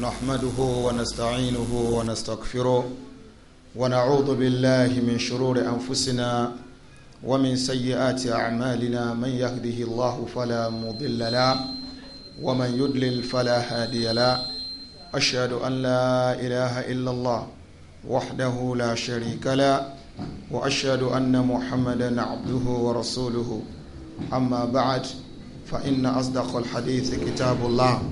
نحمده ونستعينه ونستغفره ونعوذ بالله من شرور أنفسنا ومن سيئات أعمالنا من يهده الله فلا مضل له ومن يدلل فلا هادي له أشهد أن لا إله إلا الله وحده لا شريك له وأشهد أن محمدا عبده ورسوله أما بعد فإن أصدق الحديث كتاب الله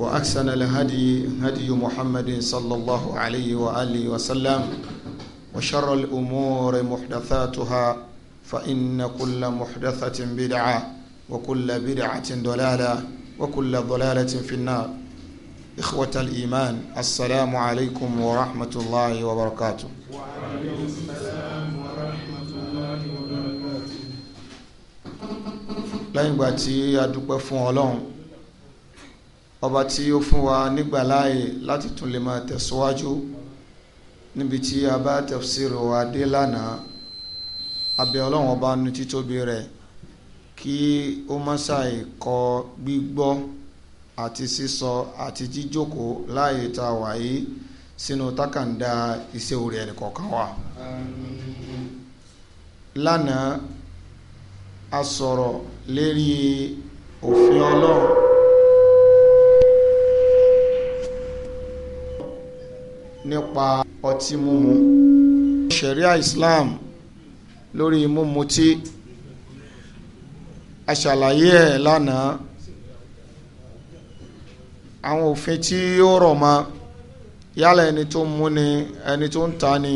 وأحسن الهدي هدي محمد صلى الله عليه وآله وسلم وشر الأمور محدثاتها فإن كل محدثة بدعة وكل بدعة ضلالة وكل ضلالة في النار إخوة الإيمان السلام عليكم ورحمة الله وبركاته وعليكم السلام ورحمة الله وبركاته لن يبقى ọba tí ó fún wa nígbà láàyè láti tún lè máa tẹ̀síwájú níbi tí a bá tafsir wa dé lánàá abẹ́ ọlọ́run ọba nu títóbi rẹ̀ kí ó má ṣàì kọ gbígbọ́ àti sísọ àti jíjókòó láàyè tá a wà yìí sínú takàndá iṣẹ́ orí ẹnì kọ̀ọ̀kan wa. lánàá a sọ̀rọ̀ lérí òfin ọlọ́run. nípa ọtí mímu sharia islam lórí mímu tí a ṣàlàyé ẹ̀ lánàá àwọn òfin tí ó rọ̀ mọ́ yálà ẹni tó ń mú ni ẹni tó ń ta ni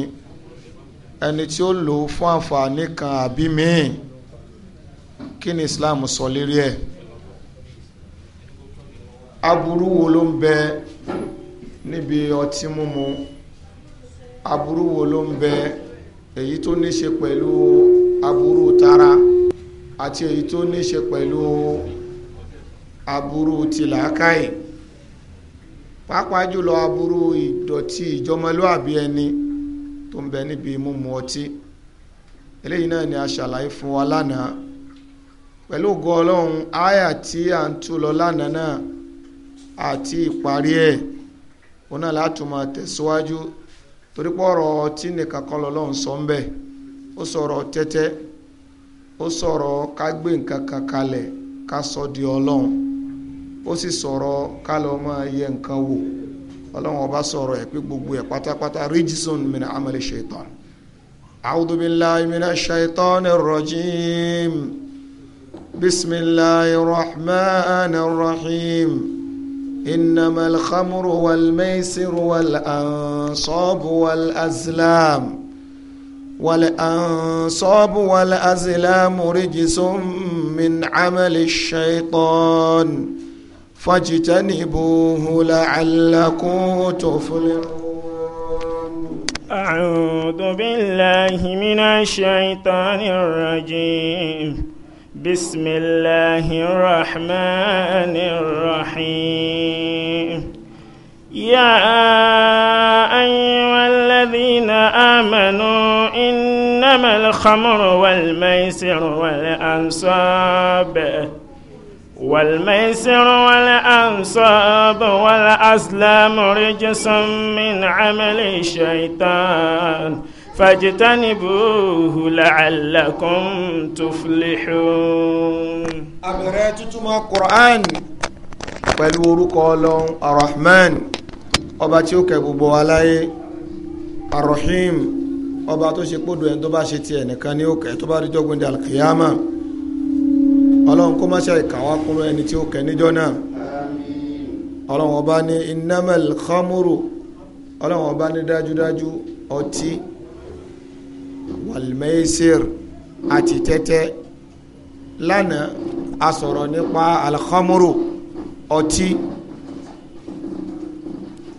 ẹni tí ó lò fún àǹfààní kan àbí míì kí ni islam sọ lérí ẹ̀ aburú wo ló ń bẹ níbi ọtí mímu aburú wo ló ń bẹ èyí tó ní ṣe pẹ̀lú aburú tara àti èyí tó ní ṣe pẹ̀lú aburú tìlákàì pàápàá jùlọ aburú ìdọ̀tí ìjọmọlúàbí ẹni tó ń bẹ níbi mímu ọtí eléyìí náà ni a ṣàlàyé fún wa lánàá pẹ̀lú ògo ọlọ́run áyà tí à ń tú lọ lánàá náà àti ìparí ẹ̀ òun náà láti máa tẹ̀síwájú torí pọ̀rọ̀ ọtí nìkan kọ́ lọ́lọ́run sọ ń bẹ̀ ó sọ̀rọ̀ tẹ́tẹ́ ó sọ̀rọ̀ ká gbé nǹkan kan kalẹ̀ ká sọ di ọlọ́run ó sì sọ̀rọ̀ ká lọ máa yẹ nǹkan wò ọlọ́run ọba sọ̀rọ̀ ẹ̀ pé gbogbo ẹ̀ pátápátá rijsun min amali shaitan a'udhu billahi minash shaitanir rajim bismillahir rahmanir rahim. إنما الخمر والميسر والأنصاب والأزلام والأنصاب والأزلام رجس من عمل الشيطان فاجتنبوه لعلكم تفلحون أعوذ بالله من الشيطان الرجيم بسم الله الرحمن الرحيم يا أيها الذين آمنوا إنما الخمر والميسر والأنصاب والميسر والأنصاب والأسلام رجس من عمل الشيطان fajitanibuhu la'allakum tuflihun. abẹ̀rẹ̀ tuntun quran pẹ̀lú orúkọ ọlọ́run arahman ọba tí ó kẹ́ gbogbo wa láyé arahim ọba tó ṣe kpọ́dọ̀ ẹni tó bá ṣe tiẹ̀ nìkan ni ó kẹ́ tó bá rí jọ́gbìn di alkiyama ọlọ́run kó má ṣe ìkàwá kúrò ẹni tí ó kẹ́ níjọ́ náà ọlọ́run ọba ní innamal khamuru ọlọ́run ọba ní dájúdájú ọtí walmeisir àti tẹ́tẹ́ lánàá a sọ̀rọ̀ nípa alhamuru ọtí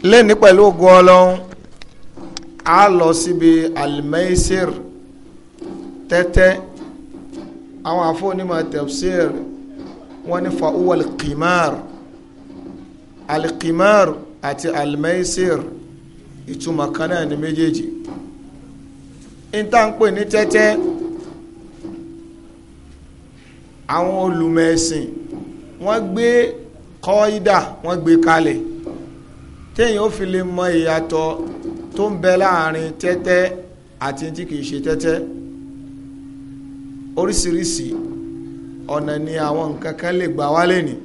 lẹ́ni pẹ̀lú ògo ọlọ́run a lọ síbi almeisir tẹ́tẹ́ àwọn afọ́nimọ̀ tafsir wọ́n ní fa uwa alqimar alqimar àti almeisir ìtumọ̀ kan ni méjèèjì ìtànpè ní tẹ́tẹ́ àwọn olùmẹ̀ẹ̀sìn wọ́n gbé kọ́ídà wọ́n gbé kalẹ̀ téèyàn ó fi lè mọ ìyàtọ̀ tó ń bẹ láàrin tẹ́tẹ́ àti tí kìí ṣe tẹ́tẹ́ oríṣiríṣi ọ̀nà ni àwọn nǹkan kan lè gbà wálé ni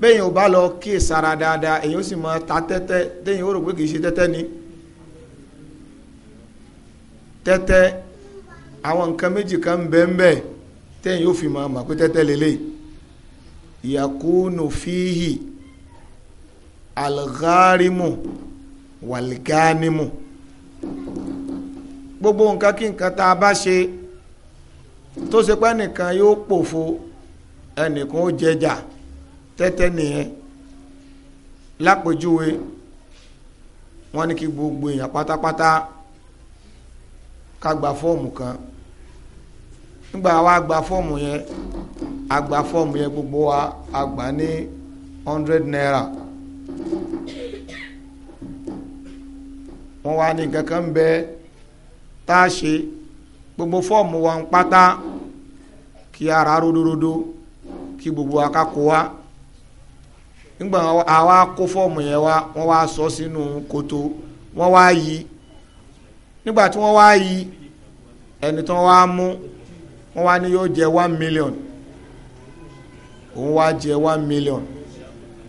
béèyàn ò bá lọ kíyèsára dáadáa èyàn ó sì mọ ta tẹ́tẹ́ téèyàn ó rò pé kìí ṣe tẹ́tẹ́ ni. tẹ́tẹ́ àwọn nǹkan méjì kan ń bẹ ń bẹ tẹ́yìn yóò fi máa mà pé tẹ́tẹ́ lélẹ̀ yakunu fihi algharimu walganimu gbogbo nǹkan kí nǹkan tá a bá ṣe tó ṣe pé ẹnìkan yóò pòfo ẹnìkan ó jẹjà tẹ́tẹ́ nìyẹn lápèjúwe wọn ní kí gbogbo èèyàn pátápátá. ká gba fọ́ọ̀mù kan nígbà wa gba fọ́ọ̀mù yẹn a gba fọ́ọ̀mù yẹn gbogbo wa a gbà ní hundred naira wọ́n wá ní kankan kan ń bẹ tá a ṣe gbogbo fọ́ọ̀mù wa ń pátá kí ara ródóródó kí gbogbo wa ká kó wa nígbà àwa kó fọ́ọ̀mù yẹn wa wọ́n wá sọ sínú kòtò wọ́n wá yí. nígbà tí wọ́n wá yí ẹni tí wọ́n wá mú wọ́n wá ní yóò jẹ one million òun wá jẹ one million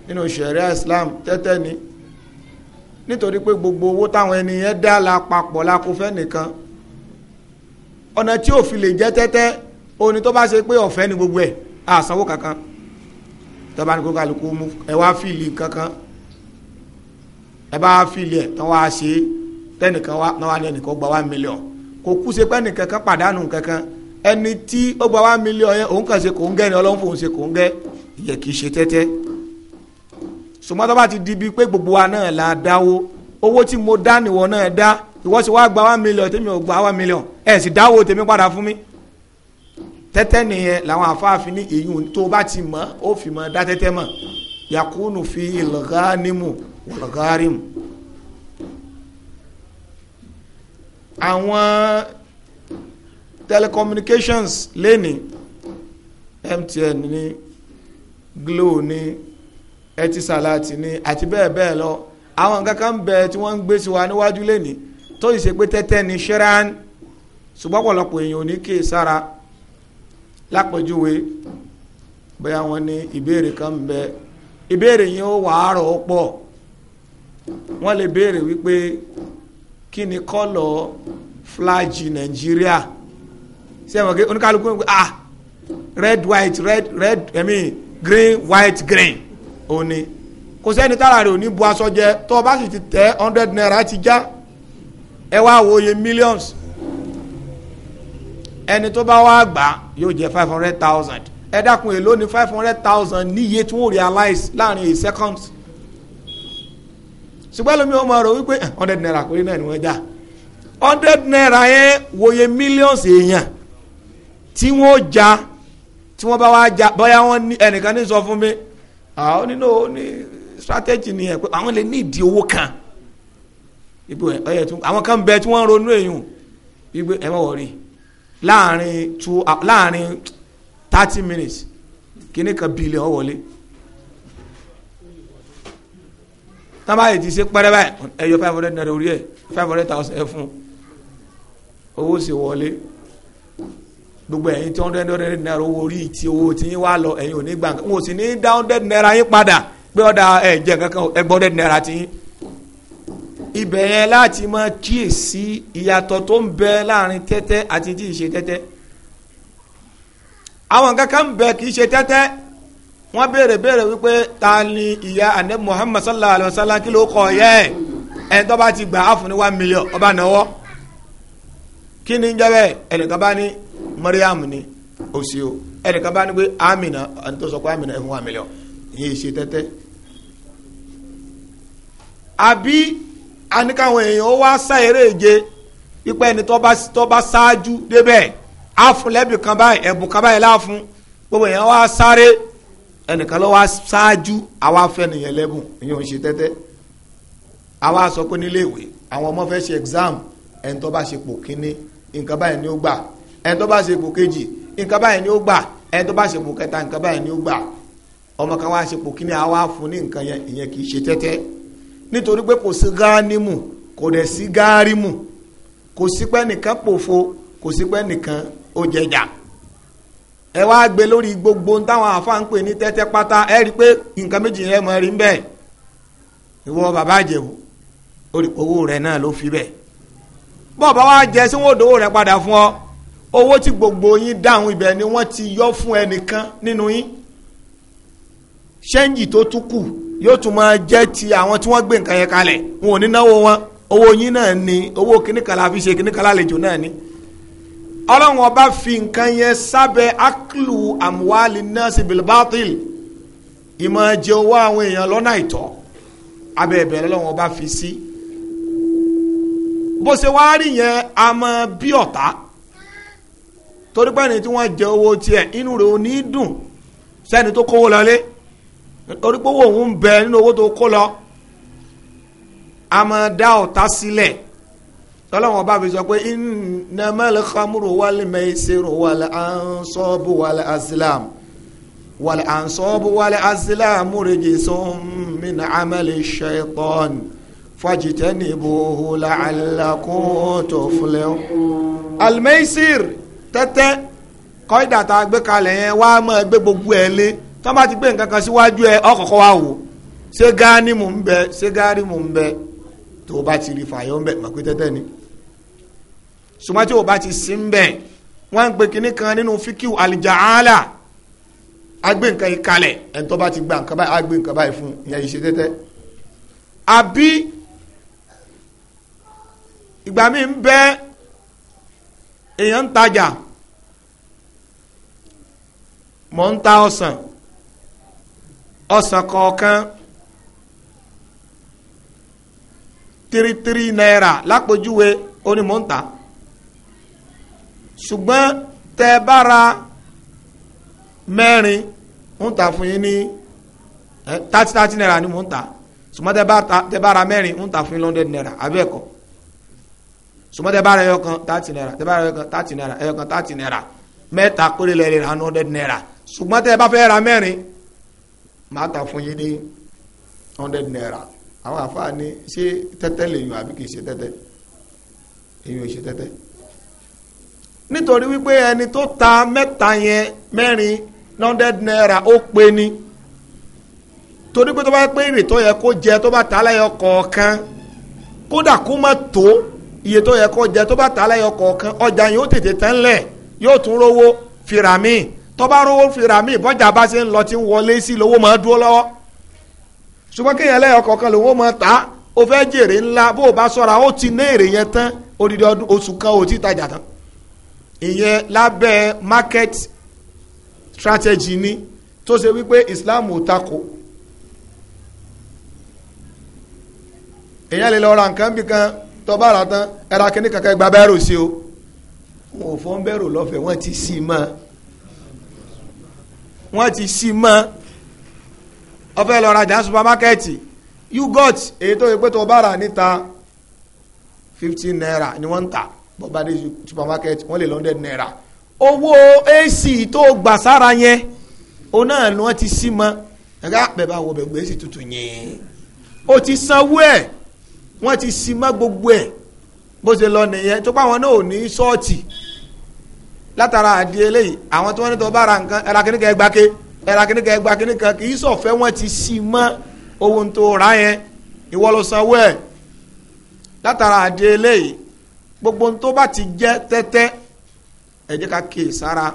nínú ṣẹ̀ríà Islam tẹ́tẹ́ ni nítorí pé gbogbo owó táwọn ẹni yẹn dá la papọ̀ la kó fẹ́ nìkan ọ̀nà tí ò fi lè jẹ́ tẹ́tẹ́ òní tó bá ṣe pé ọ̀fẹ́ ni gbogbo ẹ̀ àsanwó kankan tọ́ba ní kókó àlùkò mú ẹ wá fìlì kankan ẹ bá fìlì ẹ̀ tán wá ṣe é tẹnìkan wa náà wà ní ẹnìkan gba one million kò kú ṣe pé ẹnìkan kan pàdánù kankan ẹni tí ó gba one million yẹn òun kàn ṣe kò ń gẹ́ ni ọlọ́run fòun ṣe kò ń gẹ́ ìyẹ kì í ṣe tẹ́tẹ́ ṣùgbọ́n tó bá ti di bíi pé gbogbo wa náà la dáwó owó tí mo dá nìwọ náà dá ìwọ sì wá gba one million tèmi ò gba one million ẹ sì dáwó tèmi padà fún mi tẹ́tẹ́ nìyẹn làwọn afáàfin ní èyí tó bá ti mọ̀ ó fi mọ̀ dá tẹ́tẹ́ mọ̀ yakunu fi ìlọ̀gánímù wọ̀lọ̀gárímù àwọn telecommunications lẹ́ni MTN ní Glo ní Etisalat ní àti bẹ́ẹ̀ bẹ́ẹ̀ lọ àwọn nǹkan kan ń bẹ tí wọ́n ń gbé sí wa níwájú lẹ́ni tó sì ṣe pé tẹ́tẹ́ ní ṣẹ́ran ṣùgbọ́n ọ̀pọ̀lọpọ̀ èèyàn ò ní kí sára lápẹ̀júwe bóyá wọ́n ní ìbéèrè kan ń bẹ ìbéèrè yẹn ó wàá rọ̀ ọ́ pọ̀ wọ́n lè béèrè wípé kí ni kọ́lọ̀ ọ́ fúláàjì Nigeria. ṣé wọn kí oníkálukú ń pè ah red white red red i mean green white green òní kò sẹ́ni tára rẹ̀ ò ní bu aṣọ jẹ tó o bá sì ti tẹ́ hundred naira ti já ẹ wá wo iye millions ẹni tó bá wá gbà yóò jẹ five hundred thousand ẹ dákun èlò ní five hundred thousand níye tí wọ́n realize láàrin a second ṣùgbọ́n lómi ọmọ rẹ̀ wípé eh, hundred naira péré náà ni wọ́n já hundred naira yẹn wòye millions èèyàn tí wọ́n ja tí wọ́n bá wá ja bóyá wọ́n ní ẹnìkan ní sọ fún mi àwọn nínú ní strategy nìyẹn pé àwọn lè ní ìdí owó kan ibo ẹyẹ tún àwọn kan bẹ tí wọ́n ń ronú èèyàn ibo ẹ má wọrí láàrin two láàrin thirty minutes kíní kan bílẹ̀ ọ wọlé tábàyè ti ṣe pẹ́rẹ́ báyìí ẹ yọ five hundred naira orí ẹ five hundred thousand ẹ fún un owó sì wọlé gbogbo ẹ̀yin tí hundred hundred naira owó orí ti owó tí yín wá lọ ẹ̀yin ò ní gbà wọn ò sì ní dá hundred naira yín padà pé ọ̀dà ẹ̀ kankan ẹgbẹ́ hundred naira ti yín ibẹ̀ yẹn láti máa kíyèsí ìyàtọ̀ tó ń bẹ láàrin tẹ́tẹ́ àti tí ì ṣe tẹ́tẹ́ àwọn kankan ń bẹ kì í ṣe tẹ́tẹ́ wọ́n béèrè béèrè wípé ta ni ìyá ànẹ́ Muhammad sallallahu alayhi wa sallam kí ló kọ̀ yẹ́ ẹ̀ ẹ̀ tó bá ti gbà á fún ní one million ọba náwó. Kini ni jẹ́ ẹnìkan bá mariam ni ó sì o ẹnìkan bá amina ẹni tó sọ pé amina ẹ̀hún àmì lọ ìyẹn ṣe tẹ́tẹ́ àbí àníkàwọn èèyàn ó wá sá eré ìje pípẹ́ ẹni tó bá tó bá ṣáájú débẹ̀ àfun lẹ́bì kan báyìí ẹ̀bùn kan báyìí láàfún gbogbo èèyàn wá sáré ẹnìkan ló wá ṣáájú àwa fẹ́ nìyẹn lẹ́bùn ìyẹn ò ṣe tẹ́tẹ́ àwa sọ pé nílé ìwé àwọn ọmọ fẹ́ ṣe exam ẹni tó bá ṣe pò nǹkan báyìí ni ó gbà ẹni tó bá ṣe ipò kejì nǹkan báyìí ni ó gbà ẹni tó bá ṣe ipò kẹta nǹkan báyìí ni ó gbà ọmọ kan wá ṣe ipò kíní àwa fún ní nǹkan yẹn ìyẹn kì í ṣe tẹ́tẹ́ nítorí pé kò sí gánímù kò dẹ̀ sí gárímù kò sí pé nìkan pòfo kò sí pé nìkan ó jẹjà ẹ wá gbé lórí gbogbo táwọn àfáà ń pè ní tẹ́tẹ́ pátá ẹ rí i pé nǹkan méjì yẹn mọ̀ rí bẹ́ẹ̀ ìwọ bàbá àjẹwò ó rí owó rẹ̀ náà ló fi bẹ́ẹ̀ bọ́ọ̀ bá wá jẹ sí wọn ò dówó rẹ padà fún ọ owó tí gbogbo yín dáhùn ibẹ̀ ni wọ́n ti yọ fún ẹnìkan nínú yín ṣẹ́ǹjì tó tún kù yóò tún máa jẹ́ ti àwọn tí wọ́n gbé nǹkan yẹn kalẹ̀ wọn ò ní náwó wọn owó yín náà ni owó kìnnìkan fi ṣe kìnnìkan lálejò náà ni ọlọ́run ọba fi nǹkan yẹn sábẹ́ aklu amuwali nurse bilbatil ìmọ̀ ẹ̀jẹ̀ owó àwọn èèyàn lọ́nà àìtọ́ abẹ́ ẹ̀bẹ̀ lọ́lọ́run ọba fi sí. Si bó ṣe wá rí yẹn a mọ bí ọ̀tá torí pé ẹni tí wọ́n jẹ owó tiẹ̀ inú rẹ̀ ò ní dùn sẹ́ni tó kówó lọlé torí pé òun ń bẹ nínú owó tó kó lọ a mọ dá ọ̀tá sílẹ̀ tọ́lọ́wọ́n bá fi sọ pé innamal khamru wal maisiru wal ansabu wal azlam wal ansabu wal azlam rijsun min amali shaytan fajitanibuhu la'allakum tuflihun. almeisir tẹ́tẹ́ kọ́ńdà tá a gbé kalẹ̀ yẹn wá máa gbé gbogbo ẹ̀ lé tó bá ti gbé nǹkan kan síwájú ẹ ọkọ̀ọ̀kọ̀ wa wò ṣé gáání mò ń bẹ ṣé gáání mò ń bẹ tó o bá ti rí fàyọ̀ ń bẹ mọ̀ pé tẹ́tẹ́ ni sùmọ́ o bá ti sí ń bẹ wọ́n ń kinní kan nínú fíkìw alìjàálà agbé nǹkan yìí kalẹ̀ ẹni tó bá ti gba nǹkan báyìí fún ìyẹn yìí ṣe tẹ́tẹ́ àbí ìgbà mi ń bẹ èèyàn ń tajà mò ń ta ọsàn ọsàn kọ̀ọ̀kan tírítírí náírà lápòjúwe ó ní mò ń ta ṣùgbọ́n tẹ bá ra mẹ́rin ń ta fún yín ní thirty náírà ni mò ń ta ṣùgbọ́n tẹ bá ra mẹ́rin ń ta fún yín lọ́ndẹ̀ náírà abẹ́ẹ̀kọ́ sùmọ́ tẹ bá ra ẹyọ kan thirty naira tẹ bá ra ẹyọ kan thirty naira ẹyọ kan thirty naira mẹ́ta péré lẹ́rìí ra hundred naira ṣùgbọ́n tẹ bá fẹ́ ra mẹ́rin máa ta fún yín ní hundred naira àwọn àfáà ní ṣé tẹ́tẹ́ lè yùn àbí kì í ṣe tẹ́tẹ́ èyí ò ṣe tẹ́tẹ́ nítorí wípé ẹni tó ta mẹ́ta yẹn mẹ́rin hundred naira ó pé ni torí pé tó bá pé èrè yẹ kó jẹ tó bá ta lẹ́yọ kọ̀ọ̀kan kódà kó má tó iye tó yẹ kó jẹ tó bá ta lẹ́yọ kọ̀ọ̀kan ọjà yóò tètè tán lẹ̀ yóò tún rówó fìrà míì tó bá rówó fìrà míì bọ́jà bá ṣe ń lọ tí ń wọlé sí lówó máa dúró lọ́wọ́ ṣùgbọ́n kéèyàn lẹ́yọ kọ̀ọ̀kan lówó máa ta ó fẹ́ jèrè ńlá bó o bá sọ̀ra ó ti ná èrè yẹn tán odidi oṣù kan ò tí tajà tán ìyẹn lábẹ́ market strategy ni tó ṣe wípé Islam ò takò èèyàn lè lọ ra nǹkan bí kan tọ́ba ara tán ẹ̀ra kínní kankan gba bẹ́rù sí o wọn ò fọ́n bẹ́rù lọ́fẹ̀ẹ́ wọ́n ti sí i mọ́ wọ́n ti sí i mọ́ ọfẹ́ lọ rajà supamakẹ́ẹ̀tì yugot èyí tó yẹ pé tọ́ba ara níta fifteen naira ni wọ́n ń tà bọ́ba dé supamakẹ́ẹ̀tì wọ́n lè lọ́ndẹ̀ naira owó ac tó gbà sára yẹn òun náà ni wọ́n ti sí i mọ́ ẹ̀ka bẹ̀ bá wọ bẹ̀ gbé sí tutù yẹn o ti sanwó ẹ̀ wọ́n ti si mọ́ gbogbo ẹ̀ bó ṣe lọ nìyẹn tó páwọn náà ò ní ṣọ́ọ̀tì látara àdí eléyìí àwọn tí wọ́n ní tó bá ra nǹkan ẹ̀rà kìnìkan ẹgbàke ẹ̀rà kìnìkan ẹgbà kìnìkan kì í sọ̀fẹ́ wọ́n ti si mọ́ ohun tó rà yẹn ìwọ ló sanwó ẹ̀ látara àdí eléyìí gbogbo tó bá ti jẹ́ tẹ́tẹ́ ẹ jẹ́ ká kè sára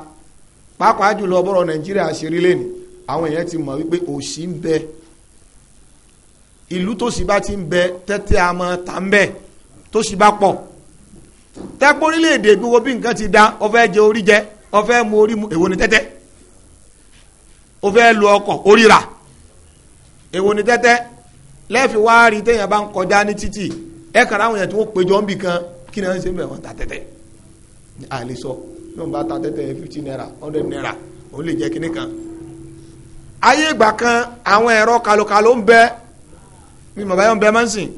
pàápàá jùlọ bọ́rọ̀ Nàìjíríà ṣe rí lẹ́nu àwọn èèyàn ti mọ̀ wípé òṣì ń bẹ́ẹ̀ ìlú tó sì bá ti ń bẹ tẹ́tẹ́ àmọ́ tà ń bẹ tó sì bá pọ̀ tẹ́pọ̀ orílẹ̀-èdè gbogbo bí nǹkan ti da ọfẹ́ jẹ orí jẹ ọfẹ́ mu orí mu èwo ni tẹ́tẹ́ ọfẹ́ lu ọkọ̀ orí rà èwo ni tẹ́tẹ́ lẹ́ẹ̀fi wá rí téèyàn bá ń kọjá ní títì ẹ kàrà àwọn èèyàn tí wọ́n péjọ ń bì kan kí ni wọ́n ṣe ń bẹ̀ wọ́n ta tẹ́tẹ́ à sọ bí wọ́n bá ta tẹ́tẹ́ fifty naira hundred naira òun lè jẹ́ kinní kan ayé ìgbà kan àwọn ẹ̀rọ kalokalo ń bẹ mi mọ̀ báyọ̀ ń bẹ máa ń sìn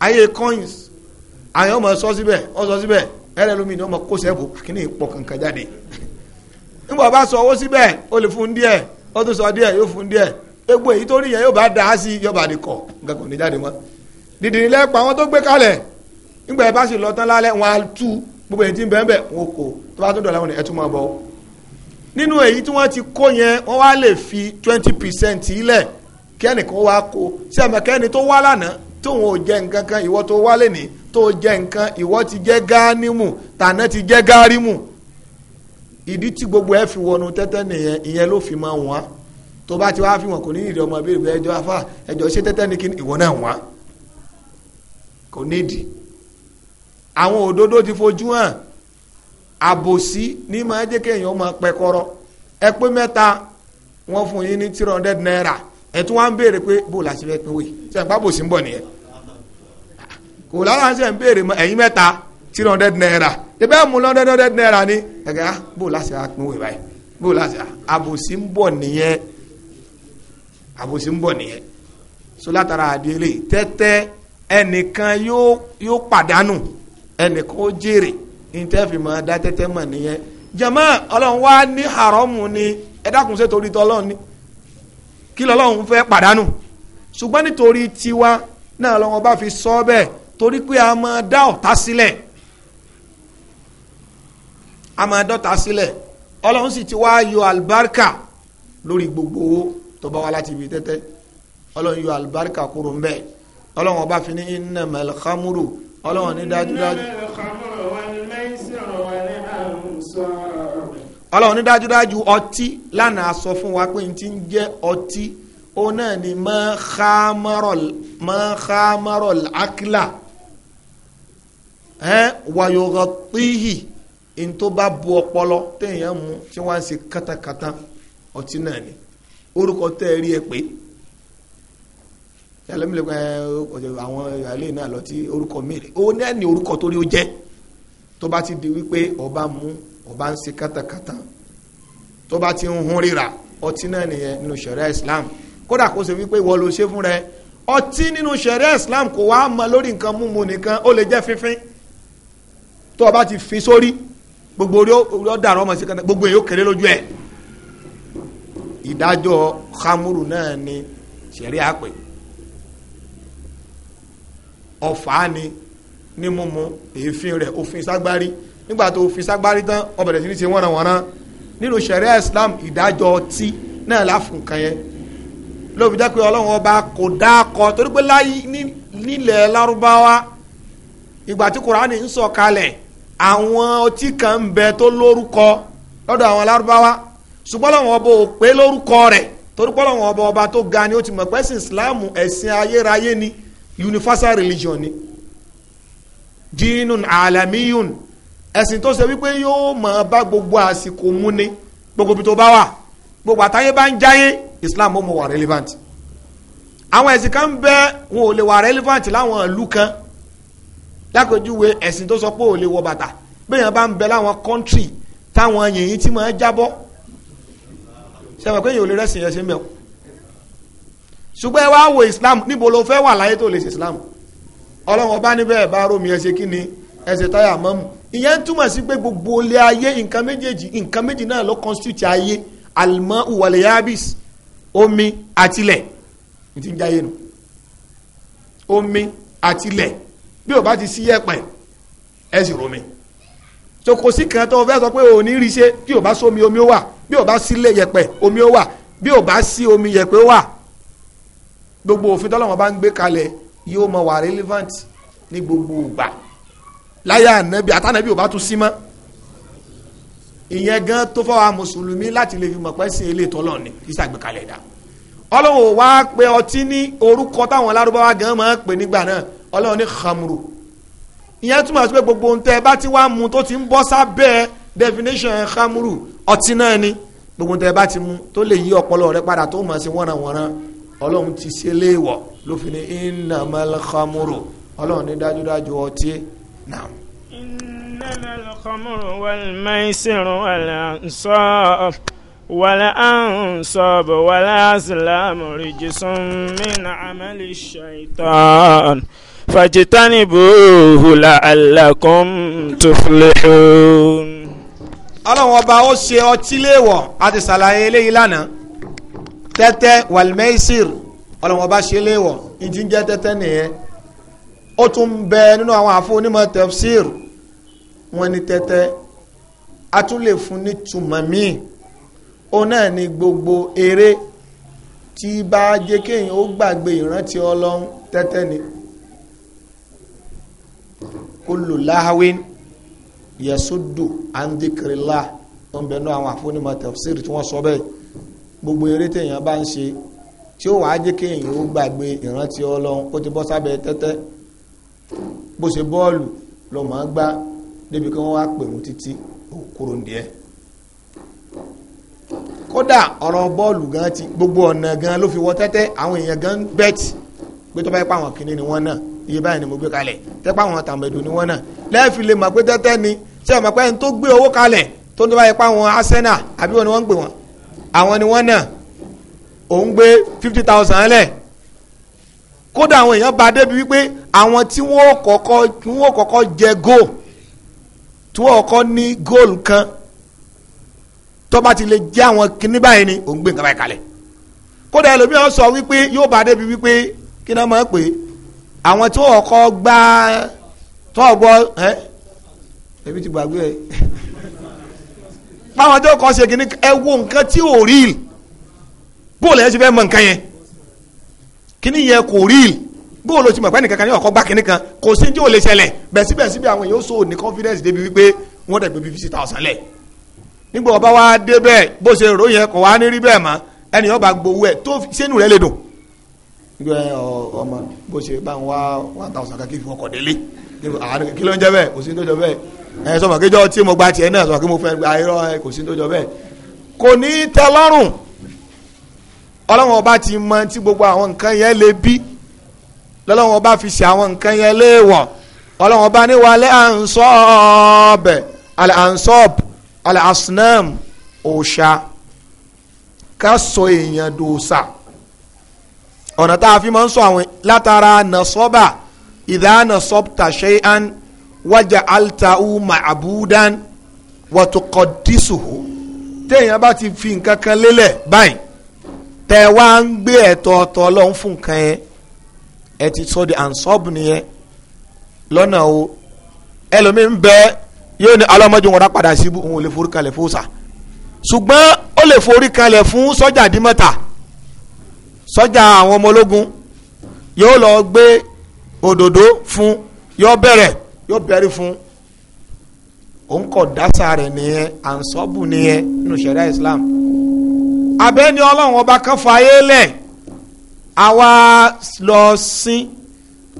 ayé coins àyàn ọmọ sọ síbẹ̀ ọ sọ síbẹ̀ ẹ̀rẹ́ lómi ni ọmọ kó sẹ́ẹ̀bù kíní ìpọ̀ kankan jáde nígbà bá sọ owó síbẹ̀ ó lè fún díẹ̀ ó tún sọ díẹ̀ yóò fún díẹ̀ egbò èyí tó níyẹn yóò bá dà á sí yóò bá di kọ̀ nǹkan kò ní jáde mọ́ dìdì nílẹ̀ pa àwọn tó gbé kalẹ̀ nígbà yẹn bá sì lọ tán lálẹ́ wọn á tú gbogbo èyí tí ń bẹ́ẹ̀ bẹ́ẹ̀ wọn kò tó bá tó ni ẹ tún máa bọ̀ nínú twenty percent ilẹ̀ kí ẹnìkan wá kó sí ẹ̀mẹ̀kẹ́ni tó wá lánàá tóun ò jẹ nǹkan kan ìwọ tó wá lẹ́ni tó jẹ nǹkan ìwọ ti jẹ gánímù tàná ti jẹ gárímù ìdí tí gbogbo ẹ fi wọnú tẹ́tẹ́ nìyẹn ìyẹn ló fi máa wọ́n tó bá ti wá fi wọn kò ní ìdí ọmọ ìbéèrè ẹjọ́ afá ẹjọ́ ṣé tẹ́tẹ́ ní kí ìwọ náà wọ́n kò nídìí àwọn òdodo ti fojú hàn àbòsí ní máa jẹ́ kéèyàn máa pẹ́kọ́rọ́ ẹ pé mẹ́ta wọ́n fún yín ní three hundred naira ẹtún wa ń béèrè pé bó la ṣe fẹ́ pé wé ṣe ń pápò sí ń bọ̀ nìyẹn kò lára ṣe ń béèrè ẹ̀yin mẹ́ta three hundred naira ibẹ̀ mú lọ́dọ̀ hundred naira ni ẹ̀gá bó la ṣe fẹ́ pé wé báyìí bó la ṣe àbòsí ń bọ̀ nìyẹn àbòsí ń bọ̀ nìyẹn so látara àdéhùn tẹ́tẹ́ ẹnìkan yóò yóò pàdánù ẹnìkan ó jèrè ntẹ́fì máa dá ní haramu kí lọ́lọ́run fẹ́ pàdánù ṣùgbọ́n nítorí tiwa náà lọ́wọ́ bá fi sọ bẹ́ẹ̀ torí pé a máa dá ọ̀tá sílẹ̀ a máa dọ́ta sílẹ̀ ọlọ́run sì ti wá yọ àlùbáríkà lórí gbogbo owó tó bá wá láti ibi tẹ́tẹ́ ọlọ́run yọ àlùbáríkà kúrò ń bẹ́ẹ̀ ọlọ́run ọba fi ní innamal khamru ọlọ́run ní dájúdájú. innamal khamru wal maisiru wal ansar ọlọ́run ní dájúdájú ọtí lánàá sọ fún wa pé n ti ń jẹ́ ọtí ó náà ni mọ́hámọ́rọ̀l akílà wàyọ̀rọ̀ tíhì n tó bá bu ọpọlọ téèyàn mú tí wọ́n á ṣe kátàkátà ọtí náà ni orúkọ tẹ́ ẹ rí ẹ pé yàlẹ́mìlẹ́pẹ́ àwọn ìyàlẹ́ náà lọ tí orúkọ mìíràn ó náà ni orúkọ torí ó jẹ́ tó bá ti di wípé ọba mú ọba ń ṣe kátàkátà tó bá ti ń hun ríra ọtí náà nìyẹn nínú ṣẹ̀ríà islam kódà kó ṣe wípé ìwọ ló ṣe fún rẹ ọtí nínú ṣẹ̀ríà islam kò wá mọ lórí nǹkan mímu nìkan ó lè jẹ́ fífín tó ọba ti fi sórí gbogbo orí ó dàrú ọmọ sí kátà gbogbo èyí ó kéré lójú ẹ̀ ìdájọ́ khamuru náà ni ṣẹ̀ríà pè ọ̀fà ni ní mímu èéfín rẹ̀ òfin ságbárí nígbà tó fi ságbárí tán ó bẹ̀rẹ̀ sí ní ṣe wọ́nranwọ́nran nínú sẹ̀ríà Islam ìdájọ́ ọtí náà láfún kan yẹn lóbi jẹ́ pé ọlọ́run ọba kò dáàkọ torí pé láyé nílẹ̀ lárúbáwá ìgbà tí kùránì ń sọ̀ kalẹ̀ àwọn ọtí kan ń bẹ tó lórúkọ lọ́dọ̀ àwọn lárúbáwá ṣùgbọ́n ọlọ́run ọba ò pé lórúkọ rẹ̀ torí pé ọlọ́run ọba ọba tó ga ni ó ti mọ̀ pé ẹ̀sìn Islam ẹ̀sìn ayérayé ni universal religion ni dinun alamiyun ẹ̀sìn tó ṣe wípé yóò máa bá gbogbo àsìkò mú ni gbogbo ibi tó bá wà gbogbo àtàyè bá ń jáyé Islam ó mọ wà relevant àwọn ẹ̀sìn kan bẹ wọn ò lè wà relevant láwọn ìlú kan lákòjúwe ẹ̀sìn tó sọ pé ò lè wọ bàtà bẹ́ẹ̀ bá ń bẹ láwọn country táwọn yìnyín tí máa jábọ́ sẹ́wọ̀n pé yìí ò lè rẹ́sìn yẹn ṣe mẹ́ọ̀ ṣùgbọ́n ẹ wá wo Islam níbo ló fẹ́ wà láyé tó lè ṣe Islam ọlọ́run ọba níbẹ̀ bá rómi ẹ ṣe kí ni ẹ ṣe táyà mọ́mù ìyẹn túmọ̀ sí pé gbogbo ilé ayé nǹkan méjèèjì nǹkan méjì náà ló constitute ayé alimọ́ uwaleyabis omi àtilẹ̀ ní ti ń jáyé nu omi àtilẹ̀ bí o bá ti sí yẹ̀pẹ̀ ẹ sì romi so kò sí kan tó o fẹ́ sọ pé o ní rí ṣe bí o bá sómi omi ó wà bí o bá sílé yẹ̀pẹ̀ omi ó wà bí o bá sí omi yẹ̀pẹ̀ ó wà gbogbo òfin tọ́lọ́wọ́n bá ń gbé kalẹ̀ yóò máa wà relevant ní gbogbo ìgbà láyé ànábì àtànábì ò bá tún sí mọ́ ìyẹn gan tó fọwọ́ mùsùlùmí láti lè fi mọ̀ pẹ́ sí eléètò ọlọ́run ni kì í ṣàgbékalẹ̀ ẹ̀dá ọlọ́run wá pé ọtí ní orúkọ táwọn lárúbáwá gan máa ń pè nígbà náà ọlọ́run ní khamru ìyẹn túmọ̀ sí pé gbogbo ohun tẹ́ bá ti wá mu tó ti ń bọ́ sábẹ́ definition khamru ọtí náà ni gbogbo ohun tẹ́ bá ti mu tó lè yí ọpọlọ rẹ padà tó mọ̀ sí wọ́nranwọ́nran ọlọ́run ti ṣe léèwọ̀ lófin ní innamal khamru ọlọ́run ní dájúdájú ọtí نعم إنما الخمر والميسر والأنصاب والأنصاب والأزلام رجس من عمل الشيطان فاجتنبوه لعلكم تفلحون ọlọ́run ọba ó ṣe ọtí léèwọ̀ àti ṣàlàyé eléyìí lánàá tẹ́tẹ́ wàlmẹ́sìr ọlọ́run ọba ṣe léèwọ̀ ìdí ń jẹ́ tẹ́tẹ́ nìyẹn ó tún bẹ nínú àwọn àfọ onímọ̀ tafsir wọn ni tẹ́tẹ́ a tún lè fún ní túmọ̀ míì ó náà ni gbogbo eré tí bá jẹ́ kéèyàn ó gbàgbé ìrántí ọlọ́run tẹ́tẹ́ ni kullu lahawin yasuddu an dhikrila ó ń bẹ nú àwọn àfúnimọ̀ tafsir tí wọ́n sọ bẹ́ẹ̀ gbogbo eré téèyàn bá ń ṣe tí ó wàá jẹ́ kéèyàn ó gbàgbé ìrántí ọlọ́run ó ti bọ́ sábẹ́ tẹ́tẹ́ bó ṣe bọ́ọ̀lù lọ máa gbá débi kí wọ́n wá pèrún títí òkúrò díẹ̀ kódà ọ̀rọ̀ bọ́ọ̀lù gan ti gbogbo ọ̀nà gan ló fi wọ tẹ́tẹ́ àwọn èèyàn gan bẹ́ẹ̀tì pé tó bá pa àwọn kìnìún ni wọ́n náà iye báyìí ni mo gbé kalẹ̀ tẹ́pá àwọn tàmẹ̀dù ni wọ́n náà lẹ́ẹ̀fì lè mọ̀ pé tẹ́tẹ́ ni ṣé ẹ̀ mọ̀ tó gbé owó kalẹ̀ tó ń tó bá pa àwọn Arsenal àbí wọn ni wọ́n ń gbé wọn àwọn ni wọ́n náà òun gbé fifty thousand lẹ̀ kódà àwọn èèyàn bá débi wípé àwọn tí wọ́n kọ́kọ́ tí wọ́n kọ́kọ́ jẹ goal tí wọ́n kọ́kọ́ ní goal kan tó bá ti lè jẹ́ àwọn kíní báyìí ni òun gbé nǹkan báyìí kalẹ̀ kódà ẹlòmíràn sọ wípé yóò bá débi wípé kí náà máa pè é àwọn tí wọ́n kọ́kọ́ gbá tọ́ọ̀bọ ẹ́ ẹbí ti gbàgbé ẹ báwọn tó kọ́ ṣe kíní ẹ wo nǹkan tí ò rí bóòlù ẹ ti fẹ́ mọ nǹkan yẹn Kini yẹn kò rí bóò ló ti mọ̀ pé ẹnìkan kan ní ọ̀kọ́ gbá kíní kan kò sí tí ò lè ṣẹlẹ̀ bẹ̀síbẹ̀síbẹ̀ àwọn èèyàn so ní confidence débi wípé wọ́n dẹ̀ gbé fifty thousand lẹ̀ nígbà ọba wa dé bẹ́ẹ̀ bó ṣe rò yẹn kò wá ní rí bẹ́ẹ̀ mọ́ ẹnì ọba gbowó ẹ̀ tó sínú rẹ̀ lè dùn. nígbà ọmọ bó ṣe bá ń wá one thousand kan kí fi ọkọ̀ délé kí ló ń jẹ́ bẹ́ẹ̀ kò sí ní tó jọ bẹ́ẹ̀ ẹ̀ sọ̀rọ̀ kíjọ́ tí mo ọlọ́wọ́n ọba ti mọ tí gbogbo àwọn nǹkan yẹn lè bí lọ́lọ́wọ́n ọba fi ṣe àwọn nǹkan yẹn léèwọ̀ ọlọ́wọ́n ọba ní wàlẹ́ ansọ́ọ̀bẹ̀ alẹ́ ansọ́ọ̀bẹ̀ alẹ́ asunam òòṣà ká sọ èèyàn dòòṣà ọ̀nà tá a fi máa ń sọ àwọn látara nasọ́bà ìdá nasọ́bta ṣẹ́yán wájà altau ma'abudan wàtúkọ̀dísùhù téèyàn bá ti fi nǹkan kan lélẹ̀ báyìí tẹ wá ń gbé ẹ̀tọ́ ọ̀tọ̀ ọlọ́run fún nǹkan yẹn ẹ ti sọ di ansọ́ọ̀bù nìyẹn lọ́nà o ẹlòmíín bẹ yóò ní alọ́mọdé wọn padà síbu òun ò lè forí kalẹ̀ fún sà ṣùgbọ́n ó lè forí fún sọ́jà dímọ́ta sọ́jà àwọn ọmọ ológun yóò lọ gbé òdòdó fún yóò bẹ̀rẹ̀ yóò bẹ̀rẹ̀ fún òun kọ̀ dáṣà rẹ̀ nìyẹn ansọ́ọ̀bù nìyẹn nínú ṣẹ̀ríà Islam. abẹ́ni ọlọ́run ọba kan fàyè lẹ̀ àwa lọ sin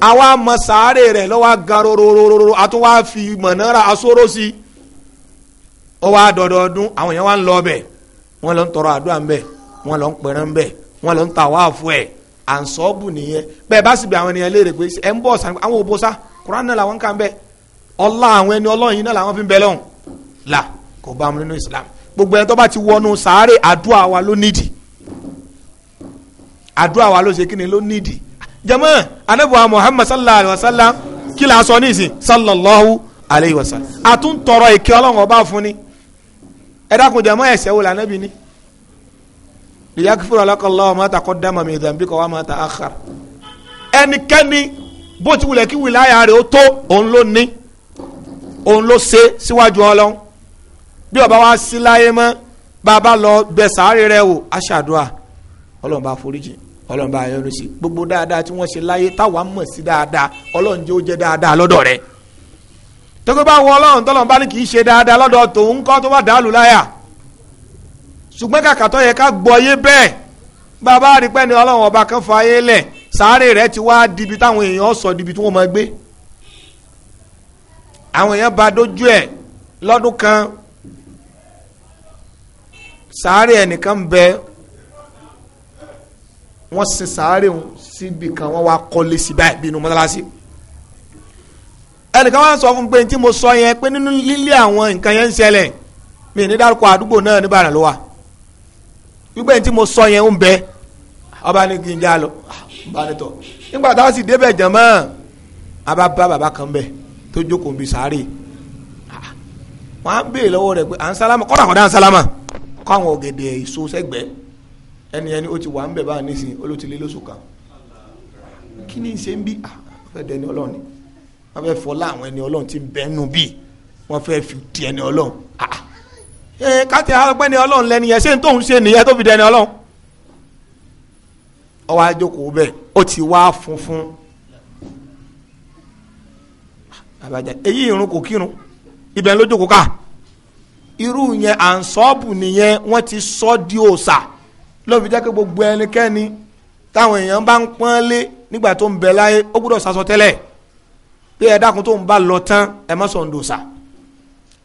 àwa mọ sàárè rẹ̀ garorororo àtúwà fi mọ̀nàrà asóró sí i ó wá dọ̀dọ̀ọdún àwọn èèyàn wá ń lọ ọbẹ̀ wọ́n lọ ń tọrọ àdúrà ńbẹ̀ wọ́n lọ ń pẹ̀rẹ̀ ńbẹ̀ wọ́n lọ ń ta wáàfù ẹ̀ à ń nìyẹn bá sì àwọn ènìyàn léèrè pé ń àwọn gbogbo ẹni tó bá ti wọnú sàárè àdúrà wa ló nídìí àdúrà wa ló ṣe kí ni ló nídìí jama anabuwa muhammad sallallahu alayhi wa sallam kí la sọ ní ìsìn sallallahu alayhi wa sallam a tún tọrọ ìkẹ́ ọlọ́run ọba fún ni ẹ dákun jama ẹ̀ṣẹ̀ wo lànàbí ni liyakfura lakallahu ma taqaddama min dhanbika wa ma ta'akhkhar ẹnikẹ́ni bó ti wulẹ̀ kí wìláyà rẹ̀ ó tó òun ló ní òun ló ṣe síwájú ọlọ́run bí ọba wa sí láyé mọ́ bàbá lọ bẹ sàárè rẹ wò aṣàdúrà ọlọ́run bá foríjì ọlọ́run bá yọ́nú sí gbogbo dáadáa tí wọ́n ṣe láyé táwa mọ̀ sí dáadáa ọlọ́run jẹ́ ó jẹ́ dáadáa lọ́dọ̀ rẹ̀ tókè bá wọ ọlọ́run tọ́lọ́run bá ní kì í ṣe dáadáa lọ́dọ̀ tòun kọ́ tó bá dàálù láyà ṣùgbọ́n kàkà tó yẹ ká gbọ́yé bẹ́ẹ̀ bàbá rí ni ọlọ́run ọba kan fa ayé lẹ̀ sàárè rẹ̀ ti wá dibi táwọn èèyàn sọ dibi tí wọ́n máa gbé àwọn èèyàn bá dójú ẹ̀ lọ́dún kan sàárè ẹnìkan bẹ wọ́n sin sàárè síbi kan wọ́n wá kọ́lé sí báyìí bínú mọ́tàlásì ẹnìkan wá sọ fún pé tí mo sọ yẹn pé nínú lílé àwọn nǹkan yẹn ń ṣẹlẹ̀ mi ní dárúkọ àdúgbò náà ní Ìbàdàn ló wà wípé tí mo sọ yẹn ń bẹ ọba ní kí n já lọ ọba ah, ní tọ nígbà táwọn sì débẹ̀ jẹ̀mọ́ àbá bá bàbá kan bẹ̀ tó jókòó bí sàárè ah, wọ́n á béè lọ́wọ́ rẹ̀ pé à ń sálámà kọ́dà kọ́dà ń sálámà kọ́ àwọn ọ̀gẹ̀dẹ̀ èso sẹ́gbẹ́ ẹni ẹni ó ti wà ń bẹ̀ báyìí nísìnyí olótìlé lóṣù kan kí ni ṣe ń bí fẹ́ dẹni ọlọ́run ni wọ́n fẹ́ fọlá àwọn ẹni ọlọ́run ti bẹ́nu bí wọ́n fẹ́ fi ti ẹni ọlọ́run ẹ káti apẹ́ ni ọlọ́run lẹ́ni yẹn ṣé n tóun ṣe nìyẹn tó fi dẹni ọlọ́run ọwọ́ ajókòó bẹ́ẹ̀ ó ti wá funfun àbájá èyí irun kò kírun ibẹ̀ lójókòó ká. irú yẹn ansọ́ọ̀bù nìyẹn wọ́n ti sọ di òòṣà lóbi jẹ́ pé gbogbo ẹnikẹ́ni táwọn èèyàn bá ń pọ́n lé nígbà tó ń bẹ láyé ó gbúdọ̀ sasọ tẹ́lẹ̀ pé ẹ dákun tó ń bá lọ tán ẹ má sọ ń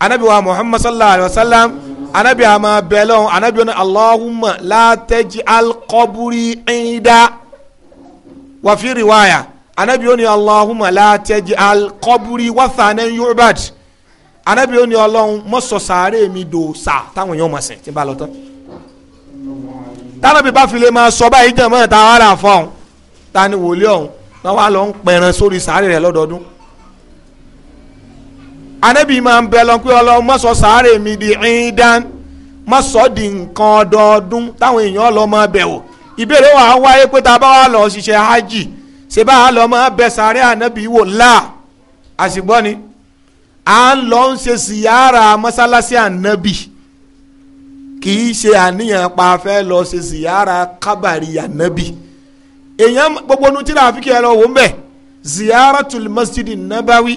anabi wa muhammad sallallahu alayhi wa sallam anabi ama anabi wa anabi ó ní ọlọ́run mọ́ sọ sàárè mi dò sà táwọn èèyàn mọ̀ sìn tí n bá lọ tán tánàbí bá fi lè máa sọ báyìí jẹ̀ mọ́ ta wà rà fọ́ọ̀n ta ni wòlíì ọ̀hún náà wà lọ ń pẹran sórí sàárè rẹ̀ lọ́dọọdún anabi máa ń bẹ lọ pé ọlọ́run mọ́ sàárè mi di ìdán mọ́ sọ di nǹkan ọdọọdún táwọn èèyàn lọ máa bẹ̀ ìbéèrè wa wáyé pé ta bá wà lọ à ń lọ ń ṣe síyára mọ́sálásí ànábì kì í ṣe àníyàn pa fẹ́ lọ ṣe síyára kábàárì ànábì èèyàn gbogbo nu tí ràfikì ẹ lọ wò ń bẹ̀ síyára tùlù mọ́sídìí nàbáwí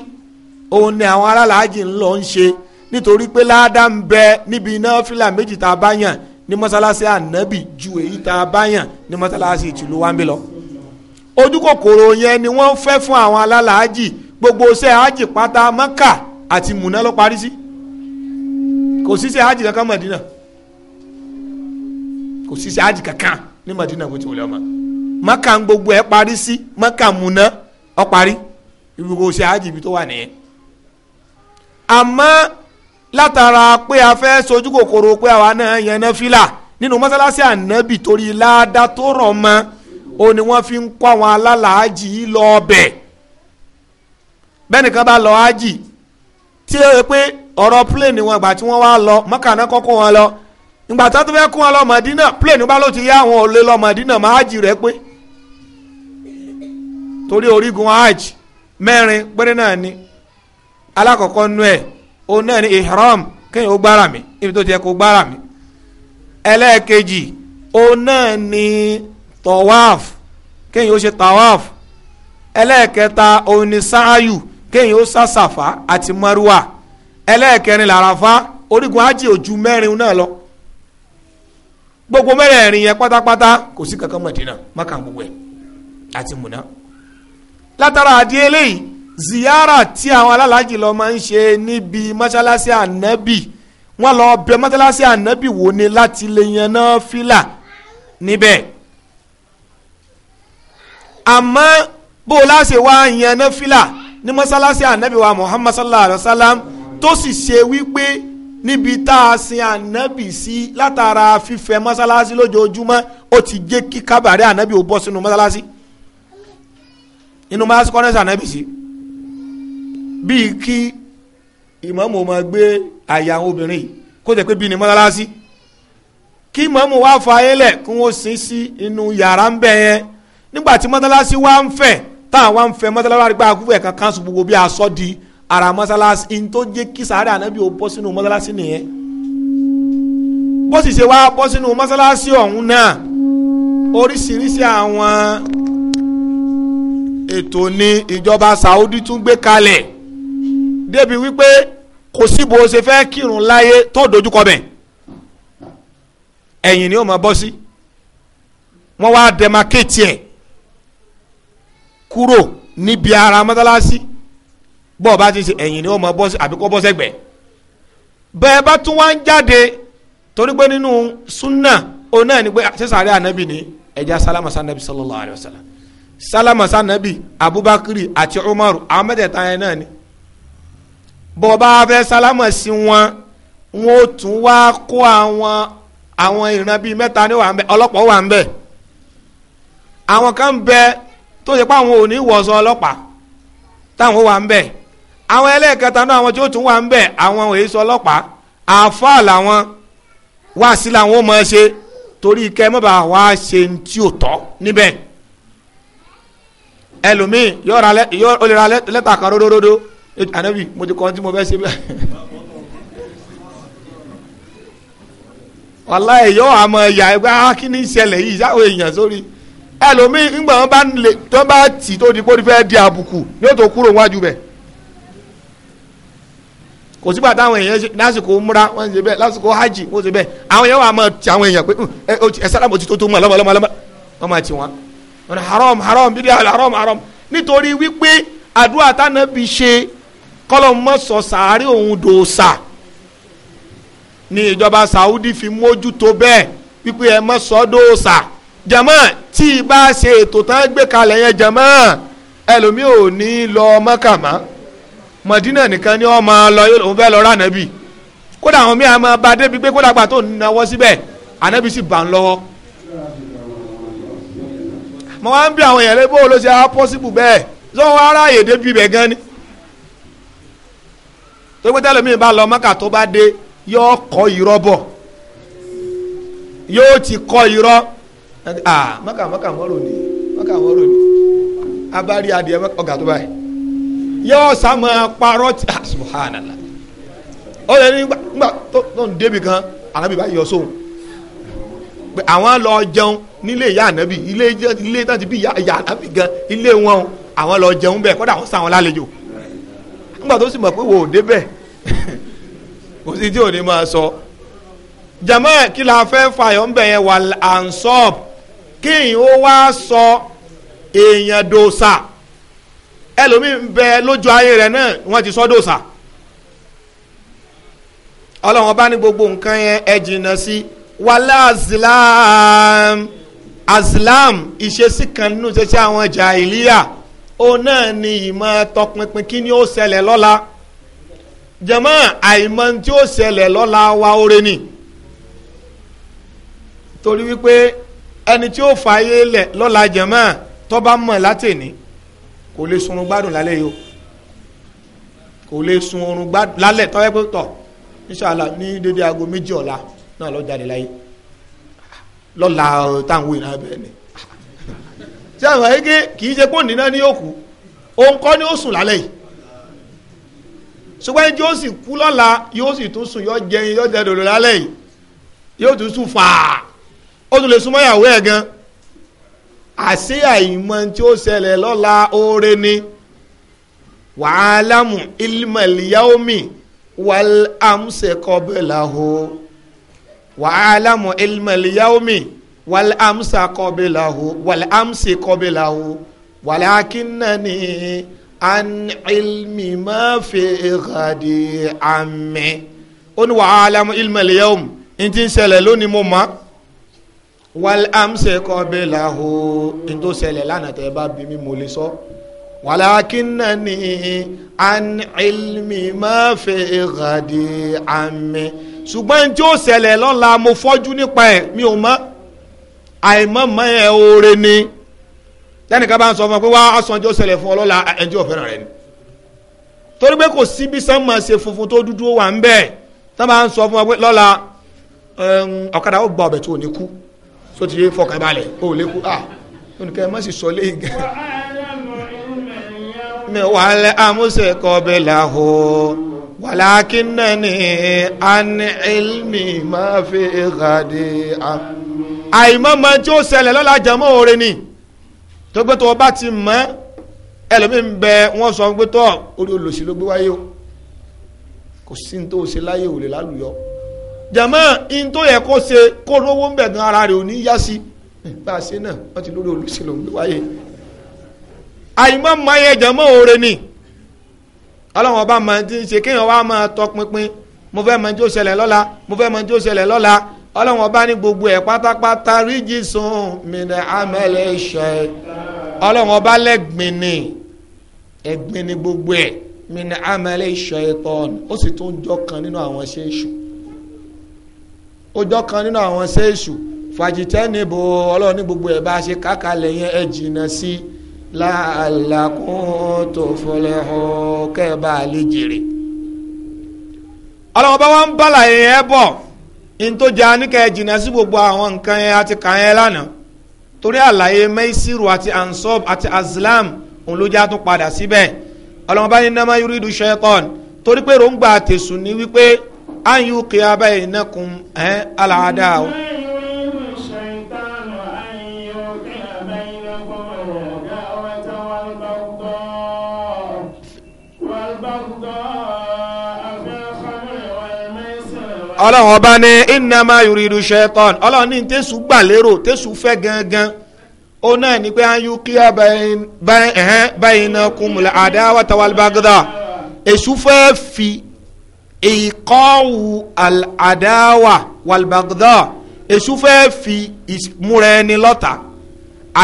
òun ni àwọn alálàájì ń lọ ń ṣe nítorí pé ládàá ń bẹ níbi iná fìlà méjì tá a bá yàn ní mọ́sálásí ànábì ju èyí tá a bá yàn ní mọ́sálásí ìtìlú wa ń bí lọ. ojú yẹn ni wọ́n fẹ́ fún àwọn alálàájì gbogbo ṣẹ́ àjì pátá mọ́kà àti muna ló parí sí kò sí ṣe hajj kankan Madina kò sí ṣe hajj kankan ní Madina bó ti wọlé ọmọ maka ń gbogbo ẹ parí sí maka múná ọ parí ibi kò ṣe hajj ibi tó wà nìyẹn àmọ́ látara pé a fẹ́ sojú kòkòrò pé àwa náà yẹn náà fìlà nínú mọ́sálásí ànábì torí ládàá tó rọ̀ mọ́ ó ní wọ́n fi ń kọ́ àwọn alálàájì lọ bẹ́ẹ̀ nìkan bá lọ tí ó yẹ pé ọ̀rọ̀ plane wọn ìgbà tí wọ́n wá lọ mọ́kà kọ́kọ́ wọn lọ ìgbà tó fẹ́ kó wọn lọ Mọ̀dínà plane bá ló ti yá àwọn òlé lọ Mọ̀dínà máa jì rẹ pé torí orígun hajj mẹ́rin péré náà ni alákọ̀ọ́kọ́ nú ẹ̀ náà ni ihram kéèyàn ó gbára mi ibi tó ti yẹ kó gbára mi ẹlẹ́ẹ̀kejì òun náà ni tawaf kéèyàn ó ṣe tawaf ẹlẹ́ẹ̀kẹta ni sáàyù kéèyàn ó sá sàfà àti mọ́rúwà ẹlẹ́ẹ̀kẹrin làràfà orígun ájì ojú mẹ́rin náà lọ gbogbo mẹ́rẹ̀ẹ̀rin yẹn pátápátá kò sí kankan mọ̀dínà mọ́kàn gbogbo ẹ̀ àti múná. látara àdí eléyìí ziyara tí àwọn alálàájì lọ máa ń ṣe níbi mọ́ṣáláṣí ànábì wọ́n lọ bẹ mọ́ṣáláṣí ànábì wò ni láti lè yan náà fílà níbẹ̀. àmọ́ bó o láṣẹ wá yan náà fílà ní mọ́sálásí ànábì wa muhammad sallallahu alayhi wa sallam tó sì ṣe wípé níbi tá a sin ànábì sí látara fífẹ̀ mọ́sálásí lójoojúmọ́ ó ti jẹ́ kí kábàárẹ̀ ànábì ó bọ́ sínú mọ́sálásí inú mọ́sálásí kọ́nẹ́sì ànábì sí bíi kí ìmáàmù máa gbé àyà obìnrin kó jẹ́ pé bíi ní mọ́sálásí kí ìmáàmù wá fa ayélẹ̀ kí wọ́n sin sí inú yàrá ń bẹ̀ yẹn nígbà mọ́sálásí wá ń fẹ̀ táwọn wá ń fẹ́ mọ́sálásí àrígbá àkúfọ ẹ̀ka kanṣu gbogbo bí aṣọ di ara mọ́sálásí n tó jẹ́ kí sáré ànábì ó bọ́ sínú mọ́sálásí nìyẹn bó sì ṣe wá bọ́ sínú mọ́sálásí ọ̀hún náà oríṣiríṣi àwọn ètò ni ìjọba Saudi tún gbé kalẹ̀ débi wípé kò síbo ṣe fẹ́ kírun láyé tó dojúkọ bẹ̀ ẹ̀yìn ni ó máa bọ́ sí wọ́n wá dẹ́mákéètì ẹ̀ kúrò níbi ara mọ́tálásí bọ́ ọ bá ti ṣe ẹ̀yìn ni ó mọ bọ́ àbí kó bọ́ sẹ́gbẹ̀ẹ́ bẹ́ẹ̀ bá tún wá ń jáde torí pé nínú súnà òun náà ni pé sísàárẹ̀ ànábì ni ẹja sálámà sànábì sallallahu alayhi wa sallam sálámà sànábì abubakar àti umaru àwọn mẹ́tẹ̀ẹ̀ta yẹn náà ni bọ́ ọ bá fẹ́ sálámà sí wọn wọn ò tún wá kó àwọn àwọn ìran bíi mẹ́ta ọlọ́pàá wà ń bẹ àwọn kan ń bẹ tó ṣe pé àwọn ò ní wọ̀ọ́sán ọlọ́pàá táwọn wà ń bẹ̀ àwọn ẹlẹ́ẹ̀kẹta náà àwọn tí ó tún wà ń bẹ̀ àwọn ò ọlọ́pàá làwọn wá sí làwọn ò mọ̀ ṣe torí kẹ́ mọ́ba wá ṣe ń tí ò tọ́ níbẹ̀ ẹlòmíì yóò lè ra lẹ́tà kan ànábì mo ti kọ́ ṣe bẹ́ẹ̀. wàláyé yóò àmọ̀ ẹ̀yà ẹgbẹ́ akíní ah, ṣẹlẹ̀ ẹlòmíì ńgbà wọn bá ń lè tó bá tì tó di kó fẹ́ di àbùkù yóò tó kúrò wájú bẹ̀ kò sígbà táwọn èèyàn ṣe lásìkò múra wọn ṣe bẹ́ẹ̀ lásìkò hajj wọn ṣe bẹ́ẹ̀ àwọn èèyàn wà máa ti àwọn èèyàn pé ẹ sálámù ti tó tó mọ lọmọ lọmọ lọmọ wọn máa ti wọn wọn haram haram bíi haram haram nítorí wípé àdúrà tánàbí ṣe kọlọmọsọ sàárẹ òun dòòsà ni ìjọba Saudi fi mójútó bẹ́ẹ̀ wípé ẹ mọ dòòsà jama tí ibà ṣe ètò tán gbé kalẹ̀ yẹn jama ẹlòmíì ò ní lọ mọ́kàmá mọ̀dínà nìkan ni wọ́n máa lọ òun fẹ́ lọ rà nàbì kódà àwọn míì àmọ́ bá débi pé kódà gbà tó náwó síbẹ̀ ànábì sì bà ń lọ́wọ́ mo wá ń bí àwọn èèyàn lébó ló ṣe bẹ́ẹ̀ sọ wọn ará àyè débi ibẹ̀ gan ni tó gbé tẹ́lẹ̀ bá lọ mọ́kà tó bá dé yóò kọ́ irọ́ bọ̀ yóò ti kọ́ irọ́ ah mọ́kà mọ́kà mọ́rò ni mọ́kà mọ́rò ni abárí adìẹ ọ̀gá tó báyìí yóò sá máa parọ́ tí ah, subhanallah ó lè ní gbà tó ń débi kan ànábì bá yọ sóhun pé àwọn lọ jẹun nílé ìyá ànábì ilé ilé náà ti bí ìyá ànábì gan ilé wọn àwọn lọ jẹun bẹ́ẹ̀ kọ́dà àwọn sá wọn lálejò nígbà tó sì mọ̀ pé wò ó débẹ̀ kò sí tí ò ní máa sọ jama kí la fẹ́ fàyọ̀ ń wà ansọ́ọ̀bù kéèyàn ó wá sọ èèyàn dòòsà ẹlòmíì ń bẹ lójú ayé rẹ̀ náà wọ́n ti sọ dòòsà ọlọ́run bá ní gbogbo nǹkan yẹn ẹ jìnnà sí wàhálà azilam azilam ìṣesí kan nínú ṣẹṣẹ àwọn jàìlíyà ó náà ni ìmọ̀ tọpinpin kí ni ó ṣẹlẹ̀ lọ́la jẹ̀mọ́ àìmọ̀ tí ó ṣẹlẹ̀ lọ́la wa oore ni torí wípé ẹni tí ó fa ayé lẹ̀ lọ́la jẹ̀mọ́ tó bá mọ̀ látẹ̀ni kò lè sunrun gbádùn lálẹ́ yìí o kò lè sun oorun gbádùn lálẹ́ tọ́wẹ́ pé tọ̀ inṣàlá ní dédé aago méjì ọ̀la náà lọ jáde láyé lọ́la táwọn òyìnbó abẹ́ ni ṣé àwọn ẹgbẹ́ kì í ṣe pé òǹdí ní yóò òun kọ́ ni ó sùn lálẹ́ yìí ṣùgbọ́n ẹni tí ó sì kú lọ́la yóò sì tún sùn yóò jẹun yóò jẹ dòdò lálẹ́ yìí yóò tún sùn fàá ó tún lè súnmọ́ ìyàwó ẹ̀ gan àṣé àìmọ̀ tí ó ṣẹlẹ̀ lọ́la oore ni wàhálàmù ilmẹ̀lìyàómì wàlámùsẹ̀kọ́bẹ̀làhó wàhálàmù ilmẹ̀lìyàómì wàlámùsẹ̀kọ́bẹ̀làhó wàlámùsẹ̀kọ́bẹ̀làhó wàlákínàní an ilmi máa fi ìhàdí àmì ó ní wàhálàmù ilmẹ̀lìyàómì ní ti ń ṣẹlẹ̀ lónìí mo máa wàl amse kọbi lahu ntò ṣẹlẹ̀ lánàá tẹ bá bí mi mo lè sọ walakinani an ilmi ma fi ghadi ami ṣùgbọ́n ntí ó ṣẹlẹ̀ lọ́la mo fọ́jú nípa ẹ̀ mi ò mọ̀ àìmọ̀ mọ̀ ẹ̀ oore ni tẹnika bá ń sọ fún ọ pé wá aṣọ ntí ó ṣẹlẹ̀ fún ọ lọ́la ẹ̀ ntí rẹ ni torí pé kò síbi sánmọ̀ ṣe funfun tó dúdú wà ń bẹ̀ tẹ́ bá ń sọ fún ọ pé lọ́la ọ̀kadà ó gba ọ̀bẹ tó ní kú so ti yé fọkàn balẹ̀ o lè kú ah olùkẹ́ má sì sọ lé gan. mi wà lẹ amúṣe kọbẹ làhó wàlákínàní àní ilmi ma fi ìhàdí. àìmọ̀mọ̀ tí ó ṣẹlẹ̀ lọ́la jẹ̀mọ́ òre ni tó gbé tó o bá ti mọ̀ ẹlòmíín bẹ wọ́n sọ pé orí olùsí ló gbé wáyé o kò sí ní tó o ṣe láyé òrè lálùyọ jama in tó yẹ kó ṣe kó rówó ń bẹ̀ gan ara rẹ̀ ò ní yá sí bá a ṣe náà wọ́n ti lórí olùsílò ń wáyé àìmọ́ mayẹ jama oore ni ọlọ́wọ́n bá máa ti ṣe kéèyàn wá máa tọpinpin mo fẹ́ mọ tí ó ṣẹlẹ̀ lọ́la mo fẹ́ mọ tí ó ṣẹlẹ̀ lọ́la ọlọ́wọ́n bá ní gbogbo ẹ̀ pátápátá ríjì sùn mìíràn amẹ́lẹ̀ ṣe ọlọ́wọ́n bá lẹ́gbìn ni ẹ̀gbìn ni gbogbo ẹ̀ mìíràn amẹ́lẹ̀ ṣe tọ́ ó sì tún jọ kan nínú àwọn ṣe é ọjọ́ kan nínú àwọn ṣéṣù fàjìtẹ́nìbò ọlọ́ọ̀ni gbogbo ẹ̀ bá ṣe kákalẹ̀ yẹn ẹ̀ jìnnà sí láàlàkùn tó fọlẹ̀ hàn kẹ́ẹ̀bà lè jèrè. ọlọ́wọ́n bá wá ń bàlà yẹn bọ̀ ní tó jẹ́ aníkẹ́ ẹ̀ jìnnà sí gbogbo àwọn nǹkan yẹn àti kàn yẹn lánàá torí àlàyé mẹ́sìrù àti ansob àti azlam òun ló já tún padà síbẹ̀ ọlọ́wọ́n bá ní nàmá yorùdù ṣẹ́tọ́n torí pé ròǹgbà àtẹ̀sùn ní wípé an yuqiya bainakum ẹ alaadaawo. ọlọ́run ọba ní innama yuridu shaitan ọlọ́run ní tẹ̀sù gbà tẹ̀sù fẹ́ gangan ó náà ní pé an yuqiya bainakum alaadaawo tawalbagda èṣù fẹ́ fi ìkọ́wù àdáwà wàlbàgdà èṣù fẹ́ fi ìmúra ẹni lọ́ta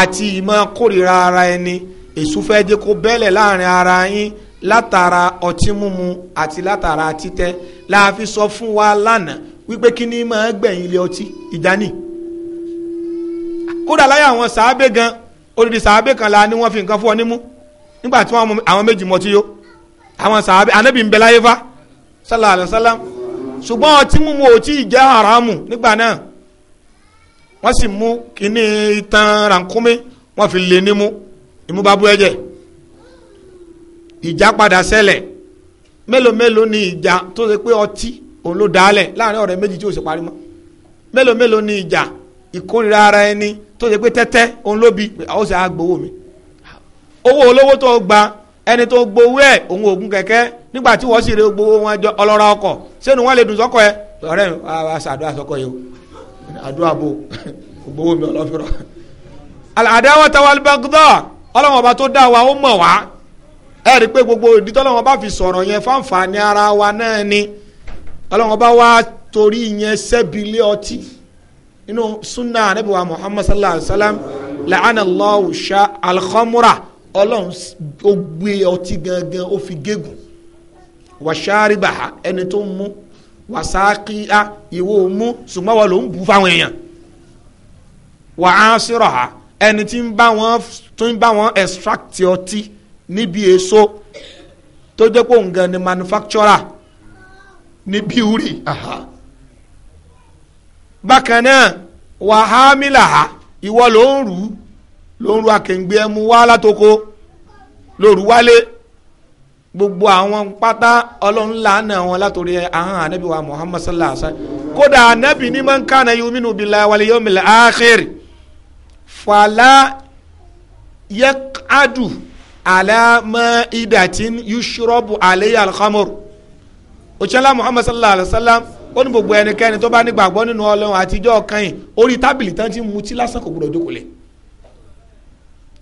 àti ìmọ̀ kórìíra ara ẹni èṣù fẹ́ jẹ́ kó bẹ́lẹ̀ láàrin ara yín látara ọtí mímu àti látara títẹ́ la fi sọ fún wa lánàá wípé kí ni máa gbẹ̀yìn ilé ọtí ìdání kódà láyé àwọn sàábé gan odidi sàábé kan la ni wọ́n fi nǹkan fún ọ nímú nígbà tí àwọn méjì mọtí yó àwọn sàábé ànábì ń bẹ láyé fa sallallahu alayhi wa sallam ṣùgbọ́n ọtí mímu ò tí jẹ́ haramu nígbà náà wọ́n sì mú kíní itan rankumi wọ́n fi lé nímú ìmú bá bú ẹ̀jẹ̀ ìjà padà ṣẹlẹ̀ mélòó mélòó ni ìjà tó ṣe pé ọtí òun ló dálẹ̀ láàrin ọ̀rẹ́ méjì tí ò sì parí mọ́ mélòó mélòó ni ìjà ìkórira ara ẹni tó ṣe pé tẹ́tẹ́ òun ló bi àwọn sì á gbowó mi owó olówó tó gba ẹni tó gbowó ẹ̀ òun ògùn kẹ̀kẹ́ nígbà tí wọ́n sì rè gbowó wọn jọ ọlọ́ra ọkọ̀ sẹ́nu wọn lè dùn sọ́kọ̀ ẹ ọ̀rẹ́ mi wàá sàdúrà sọ́kọ̀ yìí o àdúrà bò gbowó mi ọlọ́fẹ́rọ̀ àdáwọ̀ tawal bagdọ́ ọlọ́wọ́n ọba tó dá wa ó mọ̀ wá ẹ rí i pé gbogbo ìdí tọ́lọ́wọ́n bá fi sọ̀rọ̀ yẹn fáǹfààní ara wa náà ni ọlọ́wọ́n bá wá torí yẹn sẹ́bílé ọtí inú sunnah anabiwa muhammad sallallahu alayhi wa sallam la'ana sha alkhamura ọlọ́run ó gbé ọtí gangan ó fi gégùn wàṣáríbà ẹni tó ń mú wàṣákíá ìwọ mú ṣùgbọ́n wọn ló ń bu fáwọn èèyàn wàásírọ̀ha ẹni tí ń bá wọn tó ń bá wọn extract ọtí níbi èso tó jẹ́ pé òun gan ni manufacturer ní bíúrì bákan náà wàhámìlà ìwọ ló ń rù ú lóru akẹ̀ǹgbẹ́ ẹmu wá látoko lóru wálé gbogbo àwọn pátá ọlọ́run làánà wọn látòrí ahọ́n anabi wa muhammad sallallahu alaihi wa sallam kódà anabi ní man kana yuminu billahi wal yawmil akhir fàlà yaqadu ala ma'idatin yushrabu alayha al-khamr òṣèlá muhammad sallallahu alaihi wa sallam ó ní gbogbo ẹnikẹ́ni tó bá nígbàgbọ́ nínú ọlọ́run àtijọ́ kan yìí orí tábìlì tán ti mutí lásán kò gbọdọ̀ jókòó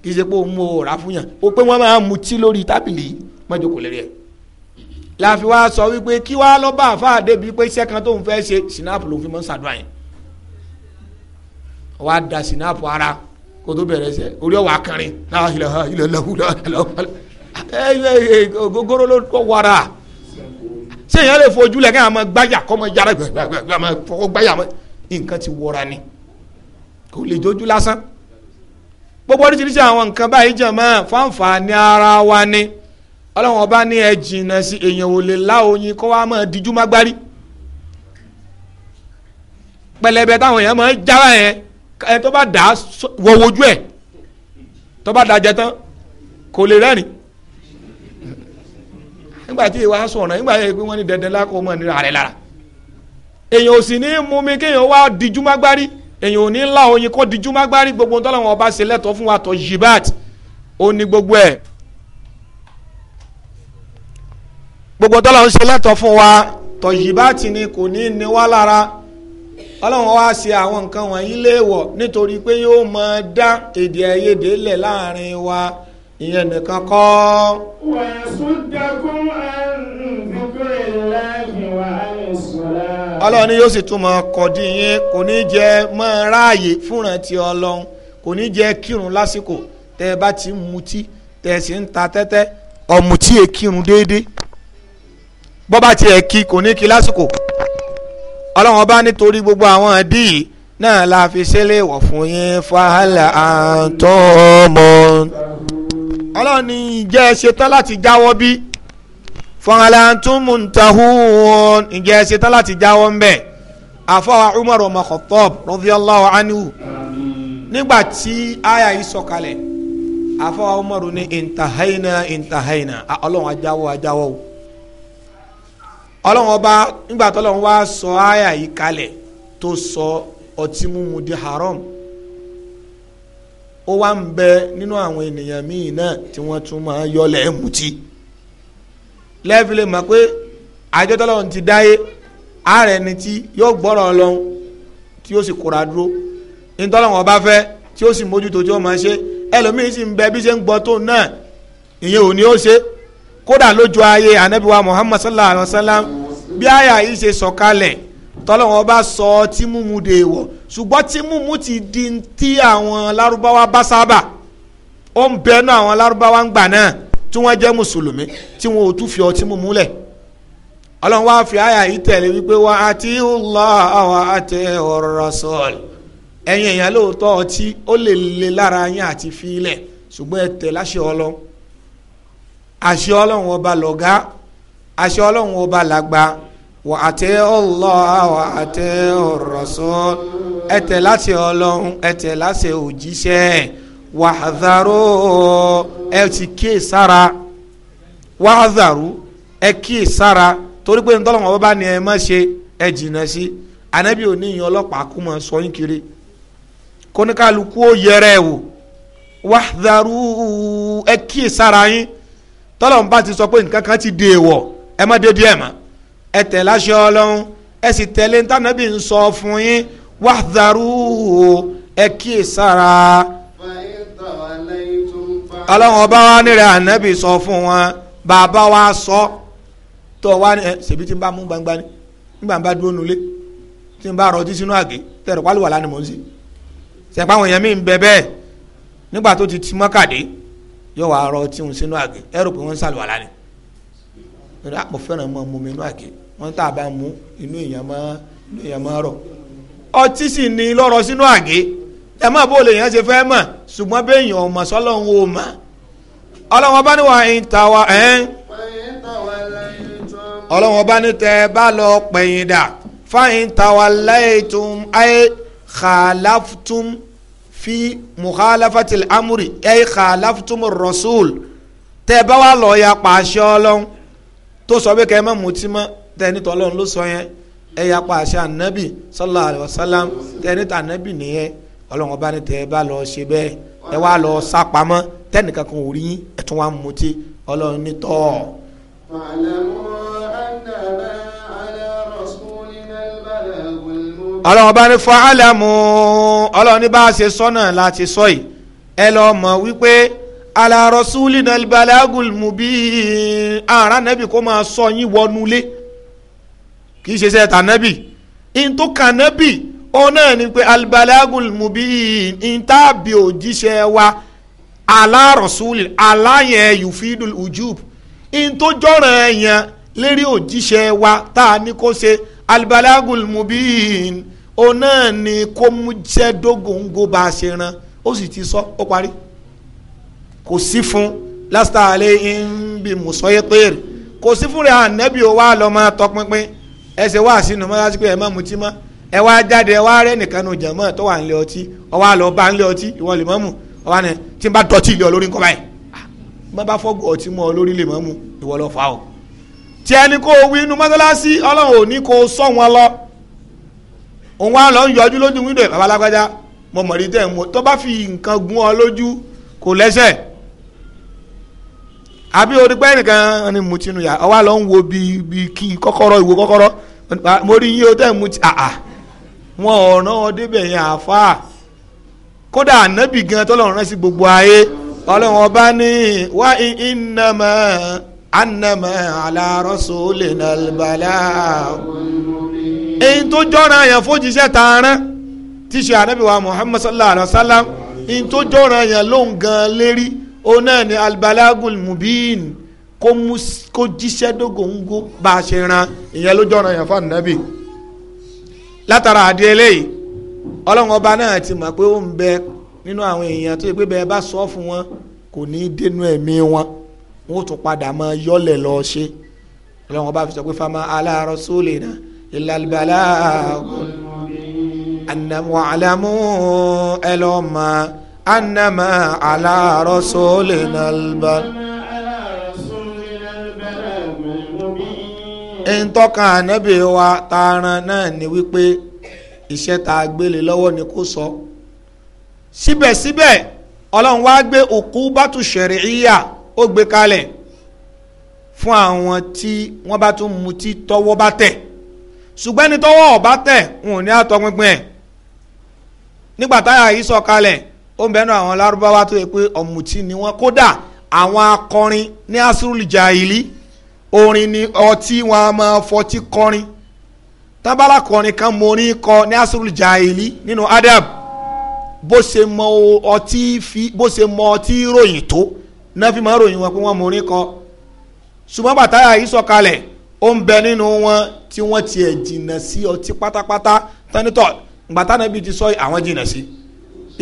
kì í ṣe pé ó mú òòrà fún yàn ó pé wọ́n máa mutí lórí tábìlì mọ́jọ́kò lérí ẹ̀ láfi wá sọ wípé kí wá lọ́ bá àfáà débi pé iṣẹ́ kan tó ń fẹ́ ṣe sinapu ló fi mọ́ ṣàdúrà yẹn wá da sinapu ara kó tó bẹ̀rẹ̀ ṣe orí ọ̀wà akẹrin náà ilẹ̀ ilẹ̀ lọ́wọ́ lọ́wọ́ gogoro ló kọ́ wara sẹ́yìn alẹ́ fojú lẹ̀ kí a máa gbájà kọ́ máa jára gbàgbà gbàgbà máa fọwọ́ gbájà nǹkan ti wọra ni kò lè jójú lásán gbogbo oríṣiríṣi àwọn nǹkan báyìí jàmọ́ fáǹfààní ara wa ni ọlọ́run ọba ní ẹ jìnnà sí èèyàn ò lè lá oyin kó wá máa díjú mágbárí pẹlẹbẹ táwọn èèyàn máa ń jára yẹn ẹ tó bá dà á wọ wojú ẹ tó bá dà jẹ tán kò lè rẹ́rìn nígbà tí ìwà sọ̀rọ̀ nígbà yẹn pé wọ́n ní dandan lákòó mọ̀ nira rẹ̀ lára èèyàn ò sì ní mú mi kéèyàn wá díjú mágbárí èyàn ò ní ńlá oyin kó dijú má gbárí gbogbo ntọ́ làwọn ọba ṣe lẹ́tọ̀ọ́ fún wa tọ́ jibat ó ní gbogbo ẹ̀ gbogbo ntọ́ làwọn ṣe lẹ́tọ̀ọ́ fún wa tọ́ jibat ni kò ní ní wá lára ọlọ́run wá ṣe àwọn nǹkan wọ̀nyí léèwọ̀ nítorí pé yóò máa dá èdè àìyedè lẹ̀ láàrin wa ìyẹn nìkan kọ́. wàásù dẹkùn ẹ̀ ń dúkúrẹ́ láàyè wàhálà ọlọ́run ni yóò sì tún mọ kọ̀dí yín kò ní jẹ́ mọ́ ráàyè fúnra ti ọlọ́run kò ní jẹ́ kírun lásìkò tẹ́ ẹ bá ti mutí tẹ́ ẹ sì ń ta tẹ́tẹ́ ọ̀mùtí ẹ kírun déédéé bọ́bá tiẹ̀ kí kò ní kí lásìkò ọlọ́run ọba nítorí gbogbo àwọn ẹ̀dí yìí náà la fi ṣẹlẹ̀ wọ̀ fún yín fàhálà àtọ́ ọmọ. ọlọ́run ní ìjẹ́ ṣetán láti jáwọ́ bí fọnrán tún mú un ta hún ǹjẹ́ ṣe tán láti jáwọ́ ń bẹ̀ àfọwà Umar ọmọ Khattab radiyallahu anhu nígbà tí aya yìí sọ̀kalẹ̀ àfọwà Umar ní intahaina intahaina ọlọ́run ajáwọ́ ajáwọ́ o ọlọ́run ọba nígbà tó ọlọ́run wá sọ aya yìí kalẹ̀ tó sọ ọtí mímu di haram ó wá ń bẹ nínú àwọn ènìyàn míì náà tí wọ́n tún máa yọlẹ̀ mutí lẹ́ẹ̀fìlẹ̀ mọ̀ pé àjọ tọ́lọ́run ti dáyé ààrẹ ni tí yóò gbọ́rọ̀ ọlọ́run tí yóò sì kóra dúró ìtọ́lọ́run ọba fẹ́ tí yóò sì mójútó tí yóò máa ṣe ẹlòmíín sì ń bẹ bí ṣe ń gbọ́ tó náà ìyẹn ò ní ó ṣe kódà lójú ayé anabiwa muhammad sallallahu alayhi wa sallam bí àyà yìí ṣe sọ̀kalẹ̀ tọ́lọ́run ọba sọ tí mímu dè wọ̀ ṣùgbọ́n tí mímu ti di ti àwọn lárúbáwá bá sábà ó ń bẹnu àwọn lárúbáwá ń gbà náà tí wọ́n jẹ́ mùsùlùmí tí wọ́n ò tún fi ọtí múlẹ̀ ọlọ́run wá fi àyà yìí tẹ̀lé wípé wa àti Allah wa àti ar-rasul ẹ̀yin èèyàn lóòótọ́ ọtí ó lè le lára yín àti fílẹ̀ ṣùgbọ́n ẹ ọba àṣẹ ọlọ́run ọba làgbà àti àti ẹ tẹ̀ wàhádàró ẹ ti kíyè sára wàhádàrú ẹ kíyè sára torí pé ntọ́lọ́ wọn bá ní ẹ má ṣe ẹ jìnnà anabi ọlọ́pàá kú kiri kóníkàlùkù yẹrẹ wò wàhádàrú ẹ kíyè sára yín tọ́lọ̀ ti sọ pé nǹkan kan ti dè wọ̀ ẹ má dé díẹ̀ mọ́ ẹ tẹ̀ láṣẹ ọlọ́run ẹ sì tẹ̀lé ntànàbí ọlọ́run ọba wa nírẹ̀ ànábì sọ fún wọn bàbá wa sọ tó wa ni ẹ ṣèbí tí n bá mú gbangba ni nígbà n bá dúró nulẹ̀ tí n bá rọtí sínú àgé tẹ̀rọ pálí wà lánàá mọ̀ n sí sẹ̀pá àwọn èèyàn mi ń bẹ bẹ́ẹ̀ nígbà tó ti ti mọ́kàdé yóò wá rọtí wọn sínú àgé ẹ rò pé wọ́n ń sàlùwà lánàá nígbà mo fẹ́ràn mọ́ mu mi inú àgé wọ́n tà bá mu inú èèyàn máa inú èèyàn máa rọ̀ ọtí sì ni lọ́rọ̀ sínú àgé ẹ mọ̀ bó lè yàn ṣe fẹ́ mọ̀ ṣùgbọ́n béèyàn ò mọ̀ sọ́lọ́run ò mọ̀ ọlọ́wọ́n bá ní wà ń ta wa ẹ́n ọlọ́wọ́n bá ní tẹ́ bá lọ pẹ̀yìn dà fáyín ta wa láìtún ayé khalaftun fi mukhalafatil amuri ayé khalaftun rasul tẹ́ bá wà lọ ya pàṣẹ ọlọ́run tó sọ pé kẹ́ ẹ mutí mọ́ tẹ́ tọ́lọ́run ló sọ yẹn ẹ pàṣẹ ànábì sallallahu alayhi wa sallam tẹ́ ní tànábì nìyẹn ọlọ́run ọba ní tẹ ẹ bá lọ ṣe bẹ́ẹ̀ ẹ wá lọ sá pamọ́ tẹ́nìkan kan ò rí yín ẹ tún wá ń mutí ọlọ́run ní tọ́ ọ. ọlọ́run ọba ní fọ àlẹ́mú ọlọ́run ní bá a ṣe sọ́nà láti sọ yìí ẹ lọ mọ̀ wípé ala rasulina albalagul mubin ara nabi kó máa sọ yín wọnú ilé kì í ṣe sẹ́ta nabi in tó kan nabi Ona ni pé albalagul mubin intaabi òjíṣẹ́ wa ala aláyẹn yufidul ujub intójọ́ràn yẹn lérí òjíṣẹ́ wa tá a ní kó albalagul mubin ona ni kó mú jẹ́ dógóńgó bá a ṣe ran ó sì ti sọ ó parí kò sí fún lásìtà àlẹ́ bí mùsọ̀yẹ́ péré kò sí fún rẹ̀ ànẹ́bí ó wá lọ́ọ́ máa tọpinpin ẹsẹ̀ wá sínú mọ́ra sí pé ẹ̀ má mutí mọ́. ẹ wá jáde ẹ wá rẹ nìkan nu jẹmọ tó ọtí ọ lọ bá nílé ọtí ìwọ lè mọ mu ọ wá ní tí n bá dọtí ilé ọ lórí nǹkan báyìí ah, bá bá fọgù ọtí mọ ọ lórí lè mọ mu ìwọ lọ fà o. tí sọ wọn lọ òun lọ ń yọjú lójú wíńdò babalágbájá mo mọ̀ rí mo ọ ni lọ ń wo bíi bíi kí kọ́kọ́rọ́ ìwo kọ́kọ́rọ́ mo rí wọn ò rán ọ débẹ̀ yẹn àáfàá kódà ànábì gan tọ́lọ́run rán sí gbogbo ayé ọlọ́run ọba ní wá ìnàmọ́ ànàmọ́ àlàrọ́sọ lè nà bàlá. èyí tó jọ́ra yẹn fojìṣẹ́ tààrán tí ṣe ànábì wa Muhammad sallallahu alayhi wa sallam èyí tó jọ́ra yẹn lóun gan lérí òun náà ni albalagul mubin kó jíṣẹ́ dógóńgó bá a ṣe ran ìyẹn ló jọ́ra yẹn fún ànábì látara àdé eléyìí ọlọ́run ọba náà ti mọ̀ pé ó ń bẹ nínú àwọn èèyàn tó yẹ pé bẹ́ẹ̀ bá sọ fún wọn kò ní í dénú ẹ̀mí wọn wọn ó tún padà mọ yọlẹ̀ lọ ṣe ọlọ́run ọba fi sọ pé fama ala rasulina illal balagh annamu alamu ẹlọ́mà annama ala rasulina al balagh. ẹni tọ́kàn ànábì wa taaran náà ni wípé iṣẹ́ tá a gbélé lọ́wọ́ ni kò sọ síbẹ̀síbẹ̀ ọlọ́run wá gbé òkú bátù ṣẹ̀rẹ̀ ìyà ó gbé kalẹ̀ fún àwọn tí wọ́n bá tún mutí tọ́wọ́ bá tẹ̀ ṣùgbọ́n ẹni tọ́wọ́ ọ̀bá tẹ̀ wọn ò ní àtọpinpin ẹ̀ nígbà táyà yìí sọ kalẹ̀ ó ń bẹnu àwọn lárúbáwá tó yẹ pé ọ̀mùtí ni wọ́n kódà àwọn akọrin ní asúrùlì jàìlì orin ni ọtí wọn a máa fọtí kọrin kan mo ní kọ ní jahili nínú adab bó ṣe mọ ọtí fi bó ṣe mọ ọtí ròyìn tó náà fi máa ròyìn wọn pé wọn mo ní kọ ṣùgbọ́n ó ń bẹ nínú wọn tí wọ́n tiẹ̀ jìnnà sí ọtí pátápátá ti sọ àwọn jìnnà sí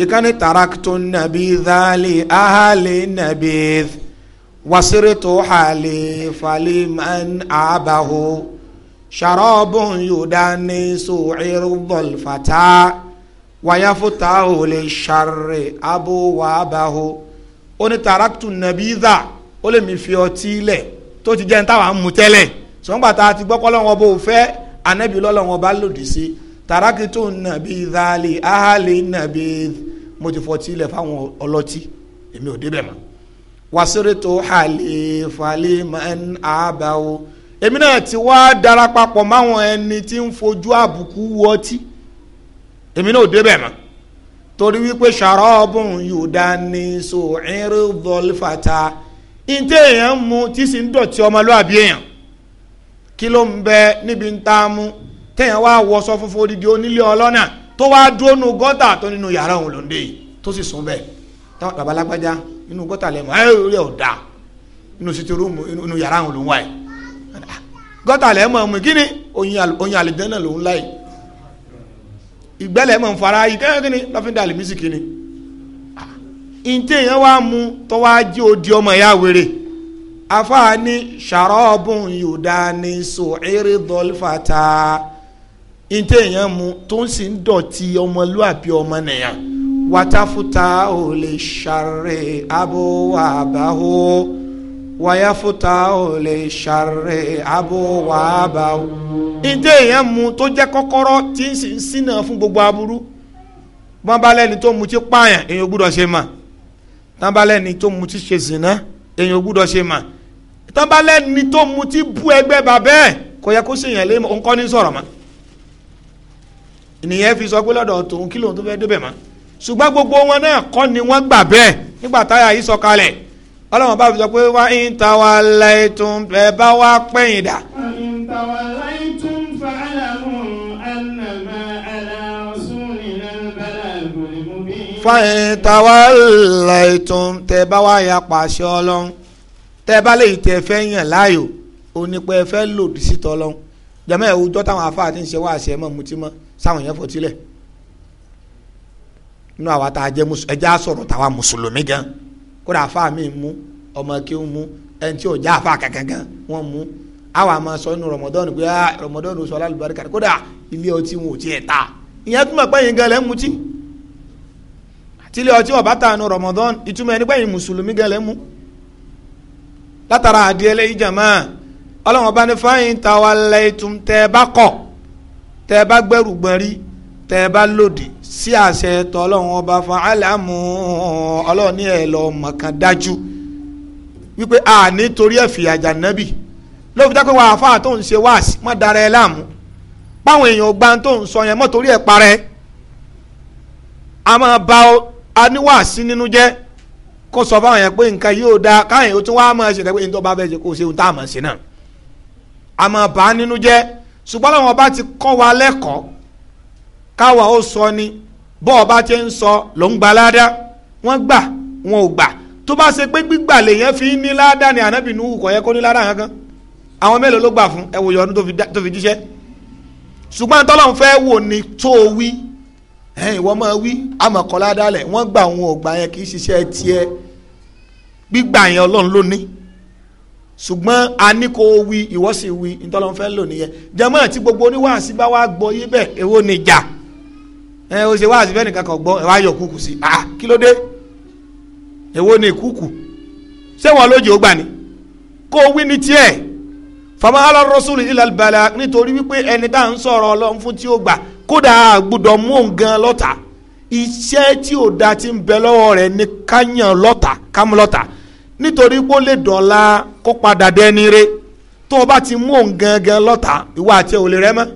ìkànnì tààràkìtò nàbí na ahàlì nàbí. wasiritu hali faliman abahu sharabun yudani su'irdol fata wayafutahu le sari abu wabahu ó ní taraktu nabiza ó lè mi fi ọtí lẹ̀ tó ti jẹ́ ní táwa ń mu tẹ́lẹ̀ sọ́ngbà tá a ti gbọ́ kọ́lọ́wọ́n bó fẹ́ anabi lọ́lọ́wọ́n bá lòdì sí taraktu nabiza li ahali nabiz mo ti fọtí lẹ̀ fáwọn ọlọ́tí èmi ò débẹ̀ mọ́. wasiritu halifali man abawo èmi náà ti wá darapapọ̀ máwọn ẹni tí ń fojú àbùkù wọtí èmi náà ò débẹ̀ mọ́ torí wípé sharabun yudani su'iru dholfata ntẹ èèyàn mu tí sì ń dọ̀tí ọmọlúwàbí èèyàn kí ló ń bẹ níbi ń ta mú tẹ̀yàn wá wọṣọ funfun odidi onílé ọlọ́nà tó wá dúró nu gọ́tà tó nínú yàrá òun lòún dé tó inú gọ́tà lẹ́mọ̀ ẹ orí ẹ̀ da inú sítì rúùmù inú yàrá àwọn olùwà ẹ̀ gọ́tà lẹ́mọ̀ ọmọ kí ni oyin àlìjẹ́ náà lòún láì ìgbẹ́lẹ̀ mọ̀ nfara ìkẹ́yọ̀ kí ni lọ́fíńdà àlìmísì kí ni ìntẹ́ yẹn wá mu tọ́wá jí odi ọmọ ya wèrè afaani sharobun yudani suhiri dolfata ìntẹ́ yẹn mu tó ń sì ń dọ̀tí ọmọlúwàbí ọmọ nìyẹn. وتفتح ole أبوابه ويفتح للشر أبوابه ìdí èèyàn mu tó jẹ́ kọ́kọ́rọ́ tí ń ṣínà fún gbogbo aburú wọ́n bá lẹ́ni tó mu tí pààyàn èèyàn ò gbúdọ̀ ṣe mà tán bá lẹ́ni tó mu tí ṣe zìnà èèyàn ò gbúdọ̀ ṣe mà tán Ni lẹ́ni tó mu tí bú ẹgbẹ́ bàbẹ́ kò yẹ kó ṣèyàn lé òǹkọ́ ní sọ̀rọ̀ mọ́ ìnìyẹn fi sọ pé lọ́dọ̀ tòun kí lòun tó fẹ́ débẹ̀ mọ́ ṣùgbọ́n gbogbo wọn náà kọ́ ni wọ́n gbà bẹ́ẹ̀ nígbà táyà yìí sọ̀kalẹ̀ ọlọ́run bá fi sọ pé wá ń ta wa láì tún ẹ bá wá pẹ̀yìn dà. fàyìn ta wa láì tún tẹ bá wá ya pàṣẹ ọlọ́run tẹ bá lè tẹ fẹ́ yàn láàyò onípẹ́ fẹ́ lòdì sí tọ́lọ́run jẹ́mọ́ ẹ̀ wùjọ́ táwọn afáàtì ń ṣe wá àṣẹ mọ́ mutí mọ́ sáwọn yẹn fọtílẹ̀ nínú àwa tá a jẹ́ mùsùlùmí ẹja sọ̀rọ̀ tàwa mùsùlùmí gan kódà àfa mi mú ọmọ kí ó mú ẹni tí ò já àfa kankan gan wọ́n mú àwa máa sọ nínú rọmọdọ́nù pé ah, rọmọdọ́nù sọ alálùbáríkà kódà ilé ọtí wọn ò tiẹ̀ ta ìyẹn túmọ̀ pé yín gan lẹ́ ń mutí tílé ọtí ọ̀bá ta nu rọmọdọ́nù ìtumọ̀ ẹni pé yín mùsùlùmí gan lẹ́ mú látara àdìẹlẹ ìjàmá ọlọ́wọ́n bá ní fáyín tawalẹ̀ ìtum tẹ́ tẹ́ ẹ bá lòdì sí àṣẹ tọ́ ọlọ́run ọba fún aláàmú ọlọ́run ní ẹ̀ lọ mọ̀kàn dájú wípé a nítorí ẹ̀ fìyà jà nábì lóbi dápẹ́ wàá fáà tó ń ṣe wáàsí má dara ẹ láàmú báwọn èèyàn gba tó ń sọ yẹn mọ́ torí ẹ̀ parẹ́ a máa ba aníwàásí nínú jẹ́ kó sọ fáwọn yẹn pé nǹkan yóò da káyìn ó tún wá máa ṣe ìdẹ́gbẹ́ ìdọ́ba bẹ́ẹ̀ ṣe kó ṣe ohun tá a máa ṣe náà a máa bá nínú jẹ́ ṣùgbọ́n làwọn ọba ti kọ́ wa lẹ́kọ̀ọ́ káwa ó sọ ni bọ́ ọba ti ń sọ ló ń gba ládá wọ́n gbà wọn ò gbà tó bá ṣe pé gbígbà lèyẹn fi ní ládá ni ànábì Nuhu kò yẹ kó ní ládá kankan àwọn mélòó ló gbà fún ẹ wòye ọdún tó fi jíṣẹ́ ṣùgbọ́n tọ́lọ́n fẹ́ wò ni tó o wí ìwọ máa wí àmọ̀kọ́ ládá lẹ̀ wọ́n gbà wọn ò gbà yẹn kì í ṣiṣẹ́ tiẹ̀ gbígbà yẹn ọlọ́run ló ní ṣùgbọ́n a ní kó wí ìwọ sì wí ntọ́lọ́n fẹ́ lò nìyẹn jẹ́mọ́ àti gbogbo oníwàásí bá wá gbọ́ yé bẹ́ẹ̀ èwo nìjà. E ẹ eh, o ṣe wá àti fẹ́nìkan kan gbọ́ ẹ wá yọ kúkú sí ah kí ló dé ẹwọ ni kúkú ṣé wọn lójú ó gbà ní wí ní tiẹ̀ fama ala rasuli ilal nítorí wípé ẹni tá à ń sọ̀rọ̀ ọlọ́run fún tí ó gbà kódà àgbùdọ̀ mú lọ́ta iṣẹ́ tí ò da ti ń bẹ lọ́wọ́ rẹ̀ ti mú gan lọ́ta ìwà àti òòlè rẹ mọ́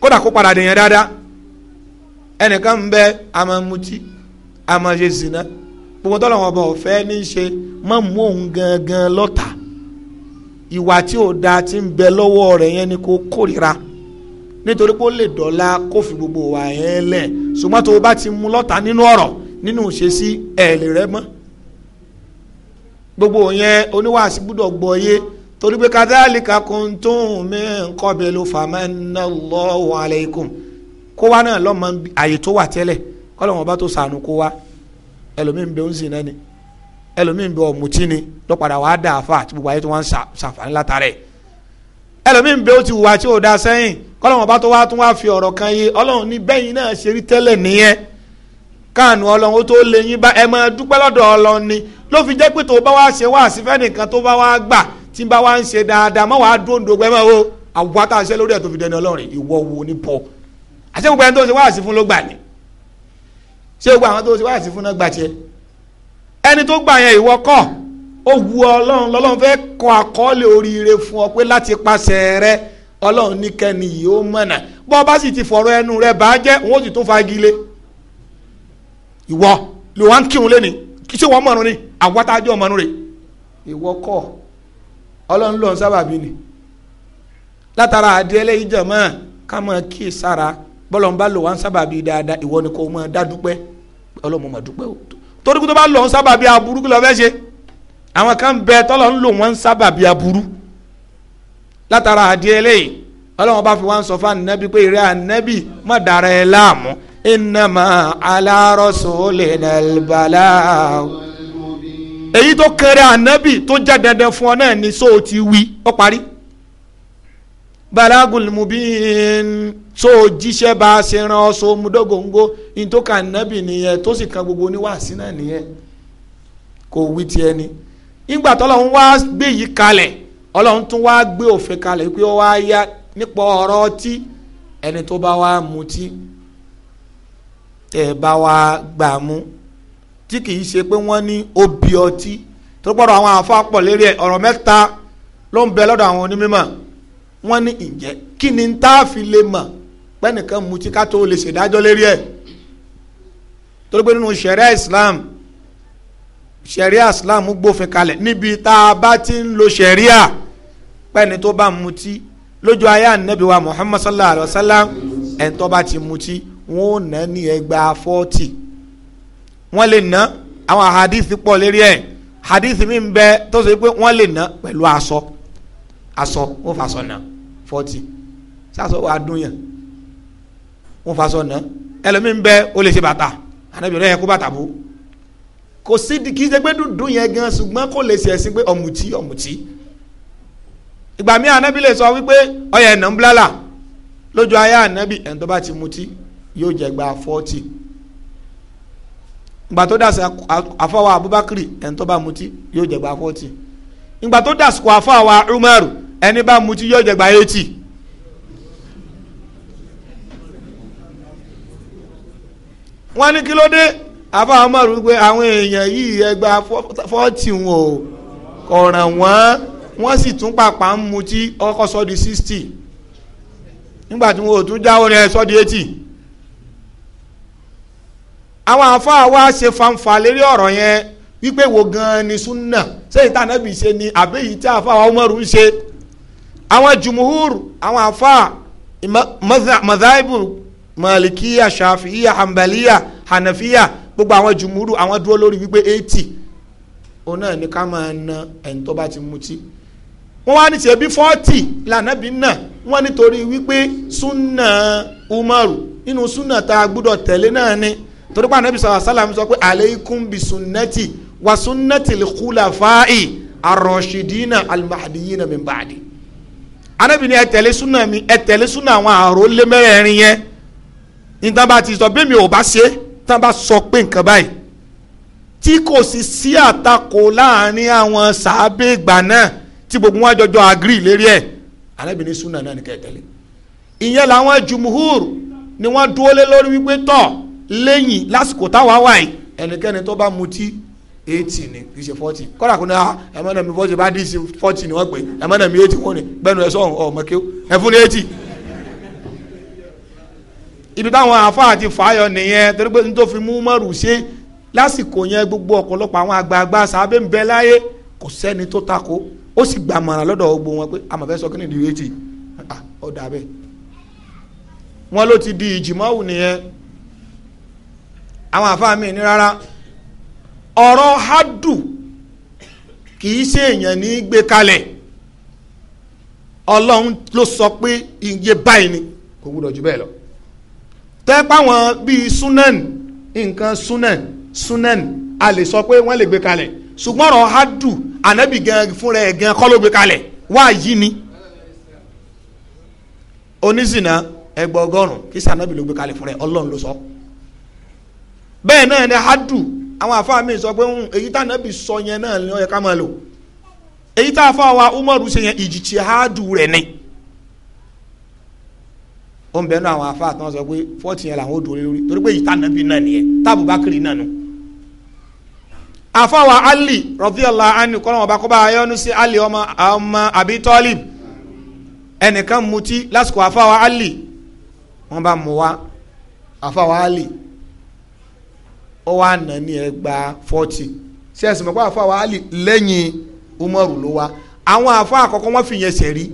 kódà kó ẹnìkan ń bẹ amamuti amayezina gbogbo tọ́lọ̀ wọn bọ̀ ọ̀fẹ́ ní í ṣe má mú òun gangan lọ́tà ìwà tí ò da ti ń bẹ lọ́wọ́ rẹ̀ yẹn ni kò kórira nítorí pé ó lè dọ́là kó fi gbogbo wà yẹn lẹ̀ ṣùgbọ́n tó o bá ti mú lọ́tà nínú ọ̀rọ̀ nínú ìṣesí ẹ̀ẹ́lì rẹ mọ́ gbogbo yẹn oníwàásí gbúdọ̀ gbọ́ yé torí pé kadhalika kuntum min qablu famanna Allahu alaykum kó wá náà lọ́mọ àyè tó wà tẹ́lẹ̀ kọ́lọ́ wọn bá tó sànù kó wá ẹlòmíín bẹ ń sìn náà ni ẹlòmíín bẹ ọ̀mùtí ni lọ́padà wàá dà àfa àti gbogbo ayé tó wọ́n ń sàǹfààní látàrẹ̀ ẹlòmíín bẹ ó ti wùwà tí ò da sẹ́yìn kọ́lọ́ wọn bá tó wá tún wá fi ọ̀rọ̀ kan yé ọlọ́run ní bẹ́yìn náà ṣe rí tẹ́lẹ̀ nìyẹn káànù ọlọ́run ó tó lè yín bá ẹ máa dúpẹ́ lọ́dọ̀ ọlọ́run ni ló fi jẹ́ pé tó bá wá ṣe wá sífẹ́ nìkan tó bá wá gbà tí bá wá ń ṣe dáadáa má wàá dúró ń dogbẹ́ mọ́ o a àtàṣe lórí ẹ̀ tó fi dẹni ọlọ́run ìwọ wo ní pọ̀ àti gbogbo ẹni tó ṣe wáàsí fún ló gbà ní ṣé gbogbo àwọn tó ṣe wáàsí fún náà gbà tiẹ̀ ẹni tó gbà yẹn ìwọ kọ́ ó wu ọlọ́run lọ́lọ́run fẹ́ kọ àkọọ́lẹ̀ oríire fún ọ pé láti pàṣẹ rẹ ọlọ́run níkẹ́ni yìí ó mọ̀nà bọ́ ọ bá sì ti fọ̀rọ̀ ẹnu rẹ bá jẹ́ òun ó sì tún fagilé ìwọ ló wá ń kírun lẹ́ni kí ṣé wọ́n mọ̀nù ni àwọ̀tájú ọmọnù rẹ̀ ìwọ kọ́ ọlọ́run lọ́n sábàbí ni látara àdìẹ lẹ́yìn jọ̀mọ́ ká máa kíyèsára bọ́lọ̀ ń bá lò wọ́n sábàbí dáadáa ìwọ ni kò mọ̀ dá dúpẹ́ ọlọ́mọ mọ̀ dúpẹ́ o torí kó tó bá lọ ń sábàbí aburú kí lọ fẹ́ ṣe àwọn kan bẹ tọ́lọ̀ ń lò wọ́n ń sábàbí aburú látara àdìẹ lẹ́yìn ọlọ́wọ́n bá fi wá ń sọ fún ànábì pé ìrẹ́ ànábì má dara ẹ láàmú innama ala rasulinal èyí tó kéré ànábì tó jẹ́ dandan fún ọ náà ni sóò ti wí ó parí balagul mubin so jíṣẹ́ bá a ṣe ran ọ so mudogongo in tó kà nábì nìyẹn tó sì kan gbogbo oníwàásí náà nìyẹn kò wí tiẹ̀ ni ìgbà tọ́lọ́run wá gbé yìí kalẹ̀ ọlọ́run tún wá gbé òfin kalẹ̀ pé ó wá yá nípa ọ̀rọ̀ ọtí ẹni tó bá wá mutí tẹ̀ bá wá gbà mú tí kì ṣe pé wọ́n ní ó ọtí tó gbọ́dọ̀ àwọn àfa pọ̀ lérí ọ̀rọ̀ mẹ́ta ló ń bẹ lọ́dọ̀ àwọn onímọ̀ wọ́n ní ǹjẹ́ kí ni tá a fi lè mọ̀ pẹ́nìkan mutí ká tó lè ṣèdájọ́ lérí ẹ̀ torí pé nínú ṣẹ̀ríà Islam ṣẹ̀ríà Islam gbófin kalẹ̀ níbi tá a bá ti ń lo ṣẹ̀ríà pẹ́ni tó bá mutí lójú ayé ànábì wa Muhammad sallallahu alayhi wa sallam ẹni tó bá ti mutí wọ́n ò ná ní ẹgbàá fọ́ọ̀tì wọ́n lè ná àwọn àhadíìsì pọ̀ lérí ẹ̀ àhadíìsì mi ń bẹ tó ṣe pé wọ́n lè ná pẹ̀lú aṣọ aṣọ ó fa aṣọ náà forty sásọ wàá dún yàn wọn fa sọ nà ẹlòmíín bẹ ó lè ṣe bàtà ànábì rẹ yẹ kó bàtà bò kò sí kì í ṣe pé dúdú yẹn gan ṣùgbọ́n kò lè ṣe ẹ̀sìn pé ọ̀mùtí ọ̀mùtí ìgbà míì ànábì lè sọ wípé ọyẹ ẹ̀nà ń blálà lójú ayé ànábì ẹni ti mutí yóò jẹ gba fọ́tì ìgbà tó dàsí àfọwọ́ abubakar ẹni tó yóò jẹ gba fọ́tì ìgbà tó dàsí kò àfọwọ́ umaru ẹni bá mutí yóò jẹ gba eighty wọ́n ní kí ló dé àbá ọmọrù pé àwọn èèyàn yìí ẹgbà forty wọn o ọ̀ràn wọn wọ́n sì tún pàpà ń mutí ọkọ̀ sọ sixty nígbà tí wọn ò tún jáwọ́ rẹ̀ sọ di eighty àwọn àáfàá wa ṣe fanfa lérí ọ̀rọ̀ yẹn wípé wo gan-an ni súnà ṣé ìtànàbì ṣe ni àbẹ́yìí tí àáfàá wa ọmọrù ṣe àwọn jùmùhúr àwọn afa mazaibu malikiya shafiya hanbaliya hanafiya gbogbo àwọn jùmùhúr àwọn dúró lórí wípé eighty òun náà ní ká máa na ẹni tó bá ti mutí wọ́n wá ní tiẹ̀ bí fọ́ọ̀tì lànàbí náà wọ́n nítorí wípé súnà umaru nínú súnà tá a gbúdọ̀ tẹ̀lé náà ni torí pé anabi sọ̀rọ̀ sálàm sọ pé aleikum bi sunnati wa sunnati lukula fa'i arọ̀ṣidina almahadiyina min ba'di anábì ni ẹ tẹ̀lé mi ẹ suna súnà àwọn àrò lé mẹ́rẹ̀ẹ̀rin yẹn nígbà bá ti sọ bí mi ò bá ṣe tá a bá sọ pé nǹkan báyìí tí kò sì sí àtakò láàrin àwọn sàábé ìgbà náà tí gbogbo wọn jọjọ agree lérí ẹ anábì ni súnà náà ni kẹ́ ẹ tẹ̀lé ìyẹn làwọn jùmùhúr ni wọ́n dúró lé lórí wípé tọ̀ lẹ́yìn lásìkò táwa wà yìí tó bá mutí eighty ni kì í ṣe forty kọ́ra kò ní a ah, ẹ mọ́ nà forty bá dì í sí forty ni wọ́n pè é ẹ mọ́ nà mí eighty wọ́n ni gbẹ́nu ẹ sọ̀rọ̀ ọ̀ mọ́kẹ́ ẹ fún ní eighty. ibi táwọn afa àti fàáyọ nìyẹn torí pé n tó fi mú mọ́rù ṣe lásìkò yẹn gbogbo ọ̀pọ̀lọpọ̀ àwọn àgbààgbà sábẹ́ ń bẹ láyé kò sẹ́ni tó takò ó sì gbà mọ̀ràn lọ́dọ̀ gbogbo wọn pé a mọ̀ fẹ́ sọ kí di eighty ah, ó dà bẹ́ẹ̀ wọn di ìjìmọ́wù nìyẹn àwọn àfa mi ní rárá ọ̀rọ̀ hadu kìí ṣe èèyàn ní gbé kalẹ̀ ọlọ́run ló sọ pé iye báyìí ni kò gbúdọ̀ jù bẹ́ẹ̀ lọ tẹ́pá wọn bíi sunan nǹkan sunan sunan a lè sọ pé wọ́n lè gbé kalẹ̀ ṣùgbọ́n ọ̀rọ̀ hadu ànábì gan fúnra ẹ̀ gan kọ́ ló gbé kalẹ̀ wá yí ni onísìnà ẹgbẹ́ ọgọ́rùn-ún kí sànábì ló gbé kalẹ̀ fúnra ẹ̀ ọlọ́run ló sọ bẹ́ẹ̀ náà ni hadu àwọn àfa mi sọ pé hmm, èyí tá nàbì sọ yẹn náà ni ó yẹ ká máa lò èyí tá àfa wa umaru ṣe yẹn ìjìtì háàdù rẹ̀ ni ó ń bẹnu àwọn àfa àtàn sọ pé fọ́ọ̀tì yẹn làwọn ò dúró lórí torí pé èyí tá nàbì náà nìyẹn táàbù bá kiri náà nù. àfa wa ali radiyallahu anhu kọ́nà ọba kọ́ba ayọ́nu sí ali ọmọ ọmọ abi talib ẹnìkan mutí lásìkò àfa wa ali wọ́n bá mú wa àfa wa ali ó wá nà ní ẹgbà forty si ẹ̀sìn mọ̀pá àfa wa Ali lẹ́yìn Umaru ló wá àwọn àfa àkọ́kọ́ wọ́n fi yẹn sẹ̀rí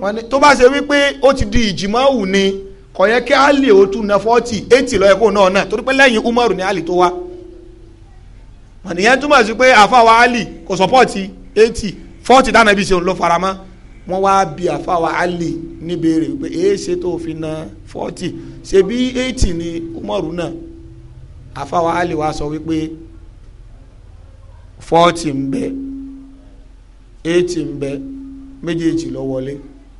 wọ́n ní tó bá ṣe wípé ó ti di ìjìmọ̀wù ni kò yẹ kí Ali ó tún na forty eighty lọ́yẹ̀ kó náà náà torí pé lẹ́yìn Umaru ni Ali tó wá wọ́n ní yẹn túmọ̀ sí pé àfa wa Ali kò sọ́pọ̀tì eighty forty dáná ibi ṣeun ló faramọ́ wọ́n wá bí àfa wa Ali níbèrè wípé èé ṣe tó fi na forty ṣe bí eighty ni Umaru náà àfáwa Ali wa sọ wípé fọ́ọ̀tì ń bẹ éètì ń bẹ méjèèjì ló wọlé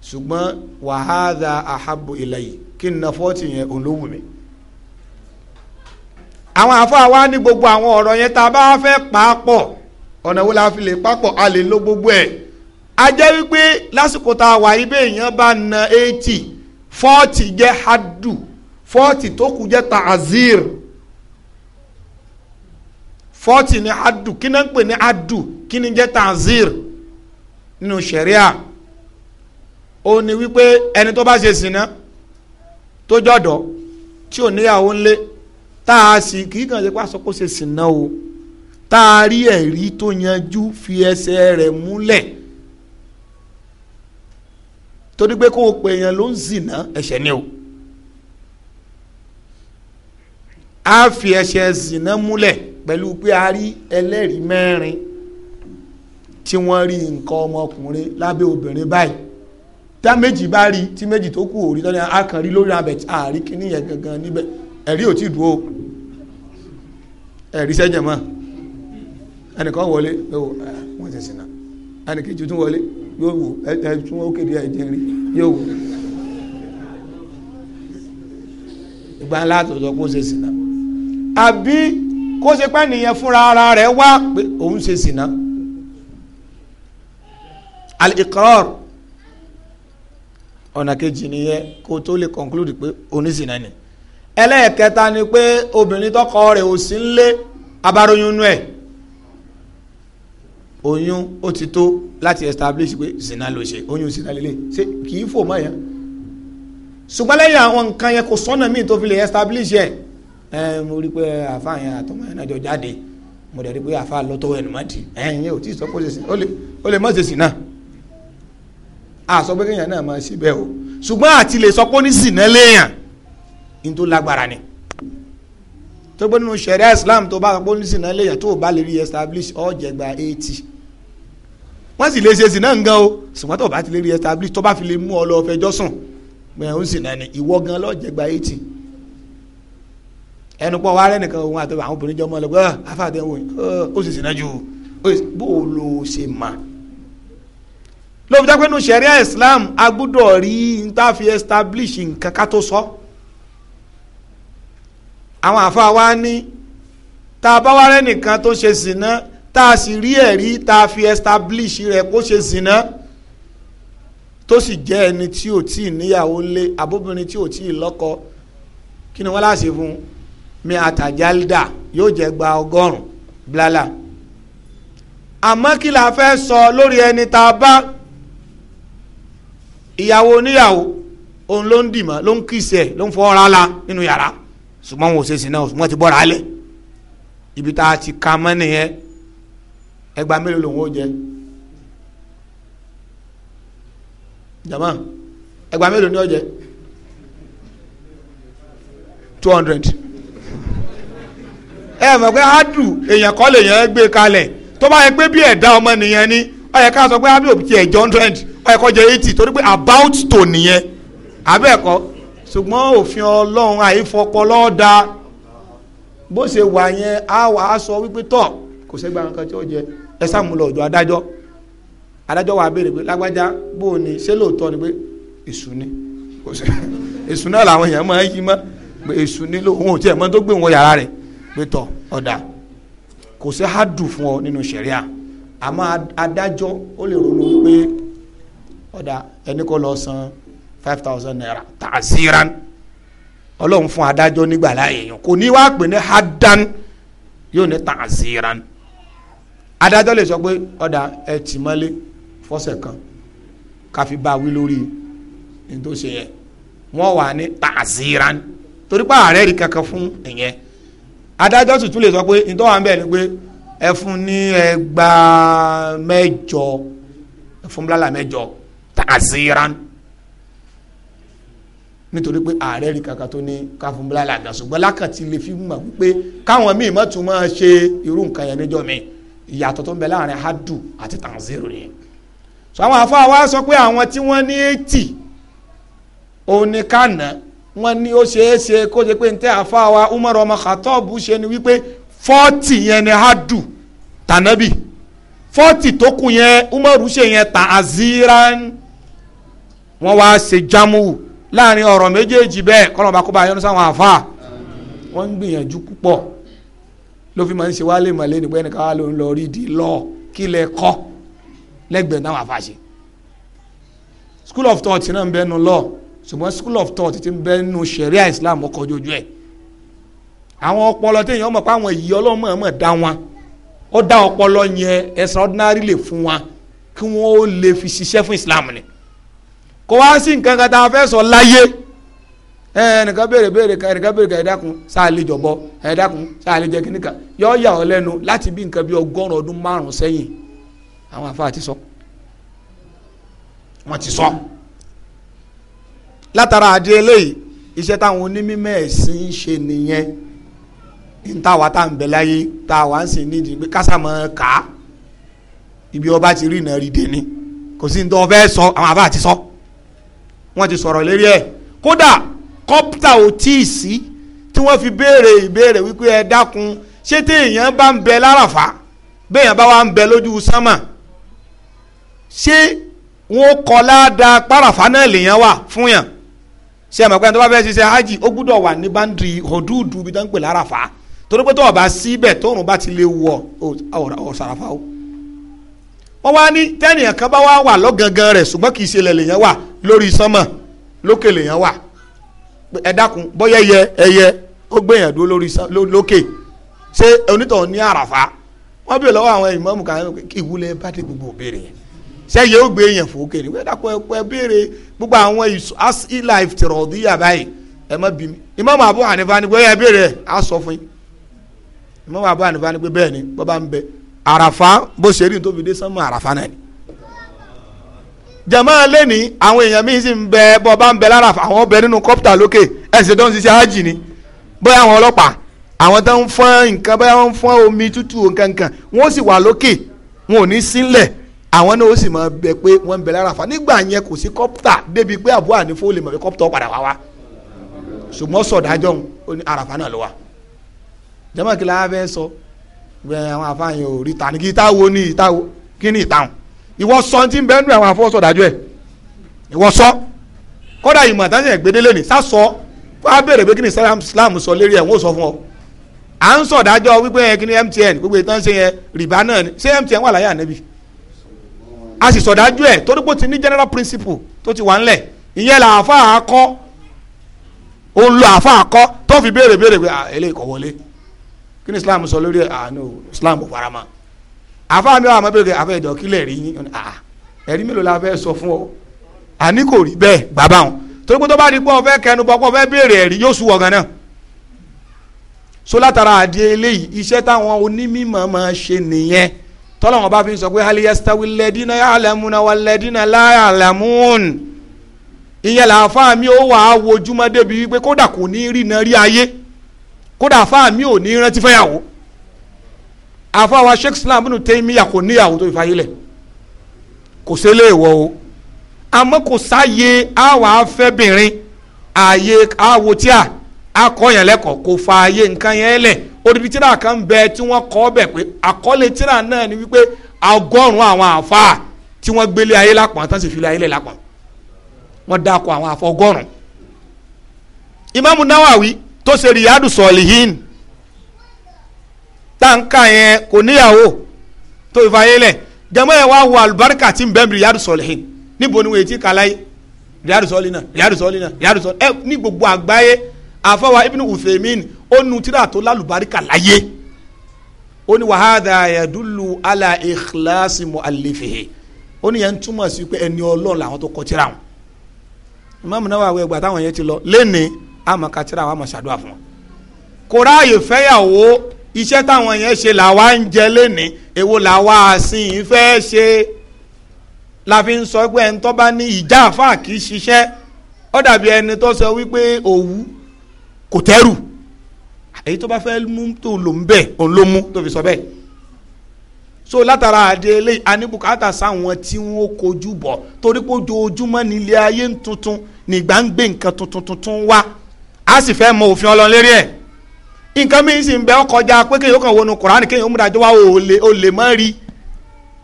ṣùgbọ́n wàhálà àhábò ìlàyé kí n na fọ́ọ̀tì yẹn òun ló wù mí àwọn àfáà wa ní gbogbo àwọn ọ̀rọ̀ yẹn tá a bá fẹ́ pàápọ̀ ọ̀nà wo la fi lè pàápọ̀ a lè lo gbogbo ẹ̀ a jẹ́ wípé lásìkò tá a wà yí èèyàn bá na eighty forty jẹ́ hadu forty tó kù jẹ́ ta'azir fọ́ọ̀tì ni adu kí ni ń pè ní adu kí ni jẹ́ tanzir nínú sẹ̀ríà ó ní wípé ẹni tó bá ṣe sìnà tó jọ̀dọ̀ tí ò níyàwó ńlé tá a sì kì í kàn ṣe pé aṣọ kó ṣe sìnà o tá a rí ẹ̀rí tó yanjú fi ẹsẹ̀ rẹ̀ múlẹ̀ torí pé kó o pè yẹn ló ń zìnà ẹ̀ṣẹ̀ ni o a fi ẹ̀ṣẹ̀ zìnà múlẹ̀ pẹ̀lú pé a rí ẹlẹ́rìí mẹ́rin tí wọ́n rí nǹkan ọmọkùnrin lábẹ́ obìnrin báyìí tá méjì bá rí tí méjì tó kù òrí tọ́ni akàn rí lórí abẹ̀ àárí kíní yẹn gangan níbẹ̀ ẹ̀rí ò tí dúró ẹ̀rí sẹ́jẹ̀ mọ́ ẹnìkan wọlé yóò wọ́n ti sìnà ẹnìkejì tún wọlé yóò wò ẹ tún ó kéde ẹ̀jẹ̀ rí yóò wò ìgbà ńlá tó kó ṣe sìnà àbí kó ṣe pé nìyẹn fúnra ara rẹ̀ wá pé òun ṣe sìnà al ọ̀nà kejì nìyẹn kó tó lè conclude pé oníṣìnà ni ẹlẹ́ẹ̀kẹta ni pé obìnrin tọkọ rẹ̀ ò sí nlé abaroyún nú ẹ̀ oyún ó ti tó láti establish pé zina ló ṣe oyún zina lélẹ̀ ṣe kì í fò mọ́ yẹn ṣùgbọ́n lẹ́yìn àwọn nǹkan yẹn kò sọ́nà míì tó fi lè establish yẹn ẹ mo rí pé àfa yẹn àtọmọ yẹn náà jọ jáde mo dẹ̀ rí pé àfa lọ́tọ́ ẹnu má di ẹ̀yìn yẹn ò tí ì sọ pé ó lè má ṣe sìn náà a pé kéèyàn náà máa ṣe bẹ́ẹ̀ o ṣùgbọ́n àti lè sọ pé ó ní sìn náà léèyàn ní tó lágbára ni tó gbé nínú ṣẹ̀ríà Islam tó bá sọ pé ó ní sìn náà léèyàn tó bá lè rí establish ọ̀jẹ̀gba eighty wọ́n sì lè ṣe sìn náà ń gan o ṣùgbọ́n tó bá ti lè rí establish tó bá fi lè mú ọ lọ fẹjọ́ sùn gbẹ̀yìn ó sìn náà ni ìwọ gan lọ́jẹ̀gba eighty ẹnu pọ̀ wá rẹ́ nìkan òun àti àwọn obìnrin jọmọ lọ pé afáàdé ah, wò ah, ó sì sìnà ju bó o lo ṣe mà ló fi nu sẹ̀ríà Islam a gbọ́dọ̀ rí n ta fi establish nǹkan ká tó sọ àwọn àfáà wa ní tá a bá wá rẹ́ nìkan tó ṣe sìnà tá a sì rí ẹ̀rí tá a fi establish rẹ̀ kó ṣe sìnà tó sì jẹ́ ẹni tí ò tí ì níyàwó ńlé abóbìnrin tí ò tí ì lọ́kọ kí ni wọ́n láṣẹ fún un mi àtàjálídà yóò jẹ́ gba ọgọ́rùn blala àmọ́ kí la fẹ́ sọ lórí ẹni tá a bá ìyàwó oníyàwó òun ló ń dìmọ̀ ló ń kìsẹ̀ ló ń fọwọ́ra la nínú yàrá ṣùgbọ́n wọn ò ṣe sí náà wọ́n ti bọ́ra alẹ́ ibi tá a ti ka mọ́ nìyẹn ẹgbàá mélòó lòun ó jẹ jama ẹgbàá mélòó ni ó jẹ two hundred ẹ mọ̀ pé adu èèyàn kọ́ lè yàn gbé kalẹ̀ tó bá yẹ pé bí ẹ̀dá ọmọ nìyẹn ni ó yẹ ká sọ pé ábí òbí tiẹ̀ hundred yẹ jẹ torí pé about to nìyẹn abẹ́ẹ̀kọ́ ṣùgbọ́n òfin ọlọ́run bó ṣe wà wípé tọ̀ kò nǹkan tí ó jẹ ẹ sá mú lọ adájọ́ adájọ́ wa béèrè pé lágbájá bó o ní ṣé lóòótọ́ ni pé èṣù ni pétọ ọdà kò sí hádù fún ọ nínú ṣẹríà àmọ́ adájọ́ ó lè ronú wípé ọdà ẹni kò lọ san five thousand naira tàzíran Ọlọ́run fún adájọ́ nígbà láàyè yàn kò ní wàá pè ní hadan yóò ní tàzíran adájọ́ lè sọ pé ọdà ẹ tì mọ́lé fọ́sẹ̀ kan káfi bá wí lórí ní tó ṣe yẹ wọ́n wà ní tàzíran torí ààrẹ rí kankan fún ìyẹn adájọ́ sì tún lè sọ pé nítorí wà ń bẹ̀ ni pé ẹ fún ní ẹgbàá mẹ́jọ ẹ fún bílálà mẹ́jọ tààzíran nítorí pé ààrẹ rí kàkà tó ní ká fún bílálà gan ṣùgbọ́n lákàtí lè fi mọ̀ wípé káwọn míì má tún máa ṣe irú nǹkan yẹn níjọ́ mi ìyàtọ̀ tó ń bẹ láàrin hadu àti tààzíran yẹn sọ àwọn afọ àwa sọ pé àwọn tí wọ́n ní eighty òun ni ká wọ́n ní ó ṣeé ṣe kó ṣe pé ntẹ́ àfa wa Umar ọmọ Khattab ṣe ni wípé fọ́ọ̀tì yẹn ni hadu tànábì fọ́ọ̀tì tó kù yẹn Umar ṣe yẹn tà aziran wọ́n wá ṣe jamu láàrin ọ̀rọ̀ méjèèjì bẹ́ẹ̀ kọ́lọ́ba kó bá yọnu sáwọn àfa wọ́n ń gbìyànjú púpọ̀ ló fi máa ń ṣe wálé màlẹ́ nígbà ẹnìkan wà ló ń lọ rí di lọ kí lẹ kọ́ lẹ́gbẹ̀ẹ́ náà wà fàṣẹ school of thought náà ń bẹnu lọ́ọ̀ ṣùgbọ́n school of thought ti ń bẹ nínú sharia islam ọkọ̀ ojú ẹ̀ àwọn ọpọlọ téèyàn mọ̀ pé àwọn èyí ọlọ́mọ mọ̀ dá wọn ó dá ọpọlọ yẹn extraordinary lè fún wọn kí wọ́n ó lè fi ṣiṣẹ́ fún islam ni kò wá sí nǹkan kan tá a fẹ́ sọ láyé ẹnìkan béèrè béèrè kan ẹnìkan béèrè kan ẹ̀dákun sáàlì jọ̀bọ ẹ̀dákun sáàlì jẹ́ kínníkan yọ yà ọ́ lẹ́nu láti bí nǹkan bí ọgọ́rùn ọdún márùn sẹ́yìn àwọn àfáà ti sọ wọ́n ti sọ. So látara àdé eléyìí iṣẹ́ táwọn onímọ̀ ẹ̀sìn ń ṣe nìyẹn ní táwa tá à ń bẹ láyé táwa ń sìn nídìí pé kásámọ̀ ká ibi ọba ti rí ìnà dé ni kò sí ní tó ọbẹ̀ sọ àwọn àbá àti sọ wọ́n ti sọ̀rọ̀ lérí ẹ̀ kódà kọ́pútà ò tíì sí tí wọ́n fi béèrè ìbéèrè wípé ẹ dákun ṣé téèyàn bá ń bẹ láràfà béèyàn bá wà ń bẹ lójú sánmà ṣé wọn kọ́ ládàá páràfà náà lèèyàn wà fún yàn ṣé ẹ mọ̀ pé ẹni tó bá fẹ́ ṣiṣẹ́ hajj ó gbúdọ̀ wà ní báńdìrì hòdúùdù ibi tó ń torí pé tó o síbẹ̀ tóorùn bá ti lè wọ̀ ọ̀ sàràfà o. wọ́n wá ní tẹ́nìyàn kan bá wá wà lọ́gangan rẹ̀ ṣùgbọ́n kì í ṣe lẹ̀lẹ̀ yẹn wà lórí sánmọ̀ lókè lèyàn wà ẹ dákun bọ́yẹ yẹ ẹyẹ ó gbẹ̀yàn dúró lórí lókè ṣé onítọ̀ ní àràfà wọ́n bèèrè lọ́wọ́ àwọn ìmáàmù kan ìwúlẹ̀ bá dé gbogbo òbèrè yẹn sẹ́yìn ó gbé èèyàn fòókè ní wẹ́dàkọ̀ ẹ̀kọ́ ẹ béèrè gbogbo àwọn ilà ìfìtìrọ̀díyà báyìí ẹ má bí mi Imam Abu Hanifa ni pé ẹ béèrè á Imam Abu Hanifa ni pé bẹ́ẹ̀ ni bọ́ ń bẹ àràfà bó ṣe rí nítorí àràfà náà ni. jama lẹ́ni àwọn èèyàn míín sì ń bẹ bọ́ ń bẹ lára àwọn ọbẹ̀ nínú kọ́pútà àwọn náà ó sì máa bẹ pé wọ́n ń bẹ lára fa nígbà yẹn kò sí kọ́pútà débi pé àbúrò ànífó lè mọ̀ pé kọ́pútà padà wá wá ṣùgbọ́n sọ̀dájọ́ ó ní àràfà náà ló wà. jẹ́mọ̀ kí lára fẹ́ sọ bẹ́ẹ̀ àwọn afáàyàn ò rí ta ní kí ìta wo ní ìta wo kí ní ìta hùn ìwọ sọ ti ń bẹ́ẹ̀ nù àwọn afọ́ sọ̀dájọ́ ẹ̀ ìwọ sọ kọ́dà ìmọ̀ àtàyàn ìgbédélé ni sá sọ wá béèrè pé kí ni Islam sọ lérí ẹ̀ wọ́n sọ à ń sọ̀dájọ́ wípé ẹ kí ni MTN gbogbo ìtàn ṣe yẹn rìbá náà ni ṣé MTN wà láyé ànábì a sì sọ̀dájú ẹ̀ torí pé ó ti ní general principle tó ti wà ńlẹ̀ ìyẹn là àfa àkọ́ ó ń lo àfa àkọ́ tó fi béèrè béèrè pé eléyìí kò wọlé kí ni Islam sọ lórí àánú Islam ò fara mọ́ àfa mi wà má béèrè àfa ìjọ kílẹ̀ rí yín ẹ̀rí mélòó la fẹ́ sọ fún ọ àní kò rí bẹ́ẹ̀ bàbá wọn torí pé tó bá di pé ọ̀fẹ́ kẹnu bọ́ pé ọ̀fẹ́ béèrè ẹ̀rí yóò sùn wọ̀ gan náà so àdìẹ eléyìí iṣẹ́ táwọn onímọ̀ máa ṣe nìyẹn tọ́lọ́wọ́n bá fi sọ pé hali yastawi lẹ́dínà yàlámúnà wà lẹ́dínà láyàlámún ìyẹn làáfà mi ó wà á wojúmọ́ débi wípé kódà kò ní rí iná rí ayé kódà àfà mi ò ní rántí fẹ́yàwó àfà wa sheikh islam bínú tẹ́míyà kò níyàwó tó fi fàyè lẹ̀ kò sẹ́lẹ̀ ìwọ o àmọ́ kò sáyé àwà afẹ́bìnrin àyè àwòtíà akọ̀yàn kò fa nǹkan yẹn lẹ̀ odidi tíra kan bẹ tí wọ́n kọ bẹ pé àkọlé tíra náà ni wípé àwọn afọ tí wọ́n gbélé ayé lápọn tán sì fi ayé lẹ lápọn wọ́n àwọn imaamu nawawi tó ṣe riyadu sọlihin tanka yẹn kò níyàwó tó ìfàyè lẹ jẹmọ yẹn wá wo alubarika bẹ riyadu sọlihin níbo ni ti kala yìí riyadu sọlihin náà riyadu sọlihin náà riyadu sọlihin ẹ ní gbogbo àgbáyé àfọwà ó nu tíra tó lálùbáríkà láyé ó ní wàhádà yadullu ala ikhlasi mu'allifihi ó ní yẹn túmọ̀ sí pé ẹni ọlọ́run làwọn tó kọ tíra wọn Imam Nawawi ẹgbàá táwọn yẹn ti lọ lẹ́ni àmọ́ ka tíra wọn àmọ́ ṣàdúrà fún wọn. kò ráàyè fẹ́yàwó iṣẹ́ táwọn yẹn ṣe làwa ń jẹ lẹ́ni èwo làwa àsìn ìfẹ́ ṣe la fi ń sọ pé ẹni tó bá ní ìjà àfáà kì í ṣiṣẹ́ ó dàbí ẹni tó sọ wípé òwú kò tẹ́rù èyí tó bá fẹ́ mú tó lò ń bẹ̀ òun ló mú tó fi sọ bẹ́ẹ̀ so látara àdéhélé anibukata sáwọn tí wọn kojú bọ̀ torí pé ojoojúmọ́ nílé ayé tuntun nígbà ń gbé nǹkan tuntun tuntun wá a sì fẹ́ mọ òfin Ọlọ́run lérí ẹ̀ nǹkan mi sì ń bẹ ọkọjá pé kéèyàn kàn wọnú Kùránì kéèyàn ó múra jọ wá o lè má rí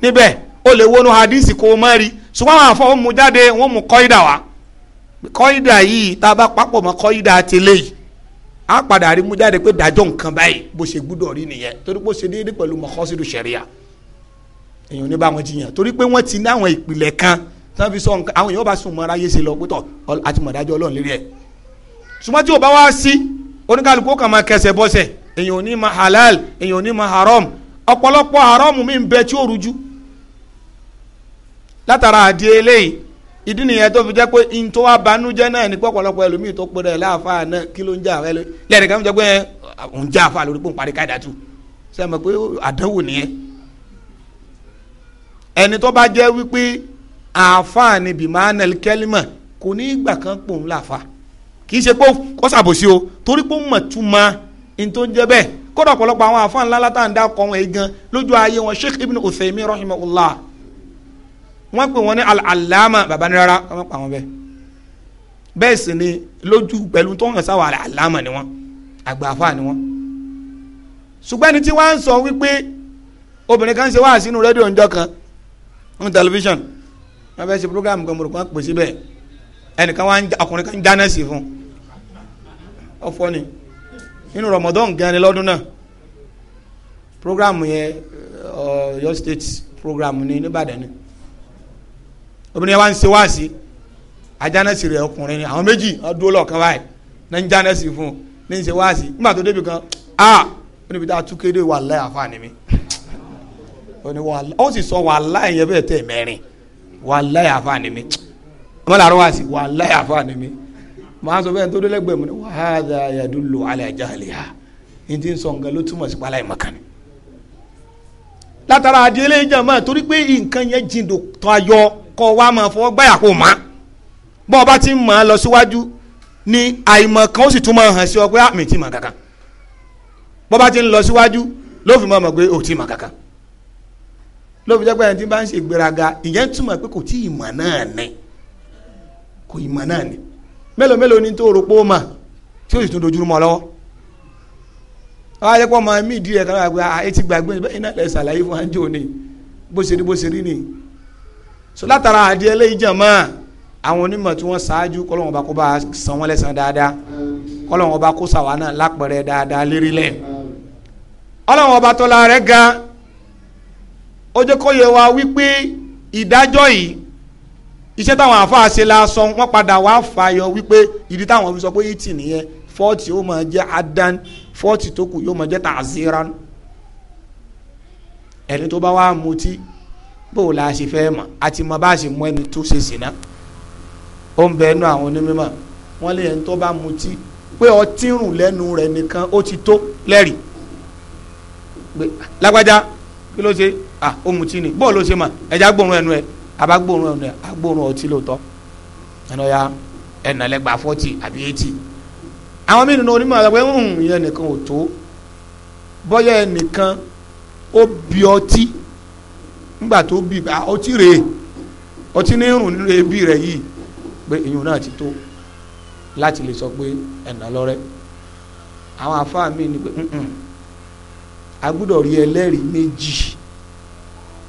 níbẹ̀ o wọnú hadisi kó o má rí ṣùgbọ́n àwọn àfọwọ́mú jáde wọ́n mú kọ́ídà wá kọ́ídà yìí tá a bá papọ̀ mọ́ kọ́ídà tẹ́lẹ̀ yìí a padà rí mú jáde pé dájọ́ nǹkan báyìí bó ṣe gbúdọ̀ rí nìyẹn torí pé ó ṣe déédéé pẹ̀lú mọ̀kọ́sídù ṣẹ̀ríà èèyàn ní bá wọn jiyàn torí pé wọ́n ti ní àwọn ìpìlẹ̀ kan tí wọ́n fi sọ nǹkan àwọn èèyàn bá sùn mọ́ aráyé ṣe lọ pẹ́tọ̀ àti mọ̀dájọ́ ọlọ́run lérí ẹ̀ ṣùgbọ́n tí o bá wá sí oníkálukú kan máa kẹsẹ̀ bọ́sẹ̀ èèyàn ní ma halal èèyàn ní ma haram ọ̀pọ̀lọpọ̀ haram mi ń bẹ tí ó rújú látara àdìẹ ìdí nìyẹn tó fi jẹ́ pé n tó wá banújẹ́ náà ní pọ̀pọ̀lọpọ̀ ẹlòmíì tó pèrè láàfáà náà kí ló ń jà ẹlò lẹ́yìn kan jẹ́ pé òun já àfáà lórí pòun parí káyidà tù ṣe mọ̀ pé àdánwò nìyẹn. ẹni tó bá jẹ́ wípé àfáà ni bimanel kẹ́límà kò ní ìgbà kan pòun láfa kì í ṣe pé kó ṣàbòsí o torí pé mọ̀ tún ma n tó ń jẹ́ bẹ́ẹ̀ kódà ọ̀pọ̀lọpọ̀ àwọn àfáà ńlá wọ́n pè wọ́n ní alàlámà bàbá ní rárá wọ́n pa wọ́n bẹ́ẹ̀ bẹ́ẹ̀ sì ni lójú pẹ̀lú tó hàn sáwọ́ alàlámà ni wọ́n àgbàfà ni wọ́n ṣùgbọ́n ẹni tí wọ́n ń sọ wípé obìnrin kan ṣe wá sínú rédíò ńjọ́ kan ní tẹlifíṣàn wọ́n fẹ́ ṣe programu kan mo rò kó wọ́n pè síbẹ̀ ẹnìkan wá ọkùnrin kan dáná sí fún ọ̀fọ̀ ni nínú Ramadan gan ni lọ́dún náà programu yẹn eh, Ọ̀yọ́ state programu ni ní Ìbàdàn ni obìnrin wa ń ṣe wáàsí ajánẹ́sì rẹ̀ ọkùnrin ni àwọn méjì ọdún lọ́ọ̀kan báyìí ní ń jánẹ́sì fún un ní ń ṣe wáàsí nígbà tó débi kan a ó níbi tá a tún kéde wàhálà àfààní mi ó sì sọ wàhálà yẹn bẹ́ẹ̀ tẹ̀ mẹ́rin wàhálà àfààní mi ọmọ làárọ̀ wáàsí wàhálà àfààní mi màá sọ bẹ́ẹ̀ tó délẹ́gbẹ̀ẹ́ mi ni wàhálà yàdúlò alẹ́ àjà àlè ha ní ti ń sọ nǹkan ló túmọ̀ sí pàlà látara àdìẹ́lẹ́ ìjàmbá torí pé nǹkan yẹn jìndò tayọ kọ́ wa máa fọwọ́ gbáyà kó mọ́ bọ́ ọba ti ń mọ̀ ọ́ lọ síwájú ni àìmọ̀ kan ó sì tún máa hàn sí ọ pé àmì ah, ti mọ̀ kankan bọ́ ọba ti ń lọ síwájú ló fi máa mọ̀ pé ò ti mọ̀ kankan ló fi jẹ́ pé ẹni tí bá ń ṣe ìgbéraga ìyẹn túmọ̀ pé kò tí ì mọ̀ náà ni kò ì mọ̀ náà ni mélòó mélòó ni tó rò pé ó mà tí ó sì tún dojúrú mọ́ lọ́wọ́ àwọn ayẹpọ̀ mí ìdí rẹ̀ kan náà ah, gbàgbé iná lẹ̀ ṣàlàyé fún àjò ni bó ṣe rí bó ṣe rí nìyí so látara àdí eléyìí jàmọ́ àwọn onímọ̀ tí wọ́n ṣáájú kọ́lọ́wọ́n bá kó bá san wọ́n lẹ́sàn dáadáa kọ́lọ́wọ́n bá kó sàwa náà lápẹ̀rẹ̀ dáadáa lérílẹ̀ ọlọ́wọ́n bá tọ́lá rẹ̀ ga ó wa wípé ìdájọ́ yìí iṣẹ́ táwọn àáfàá ṣe la sọ wọ́n padà wá fàyọ wípé ìdí táwọn fi sọ pé eighty nìyẹn forty ó máa jẹ́ adan forty tó kù yóò máa jẹ́ tàzíran ẹni tó bá wá mutí bó la ṣe fẹ́ mọ̀ àti mọ bá a ṣe mọ ẹni tó ṣe sìnà ó ń bẹ ẹnu àwọn onímọ̀ wọ́n lè ẹni tó bá mutí pé ọtí rùn lẹ́nu rẹ̀ nìkan ó ti tó lẹ́rìí lágbájá kí ló ṣe à ó mutí ni bó o ló ṣe mọ̀ ẹja gbóòórùn ẹnu ẹ àbá gbóòórùn ẹnu ẹ agbóòórùn ọtí lóòótọ́ ẹnu ya ẹnà lẹ́gbàá fọ́tì àbí eighty àwọn mí nínú onímọ̀ àgbẹ̀ ń hùn yẹn nìkan ò tó bọ́yá ẹnìkan ó bí ọtí ńgbà tó bì bá ọtí rèé ọtí ní irun nílò ebi rẹ̀ yìí pé ìyún náà ti tó láti lè sọ pé ẹ̀nà lọ́rẹ́ àwọn àfáà mi ni pé a gbọ́dọ̀ rí ẹlẹ́rìí méjì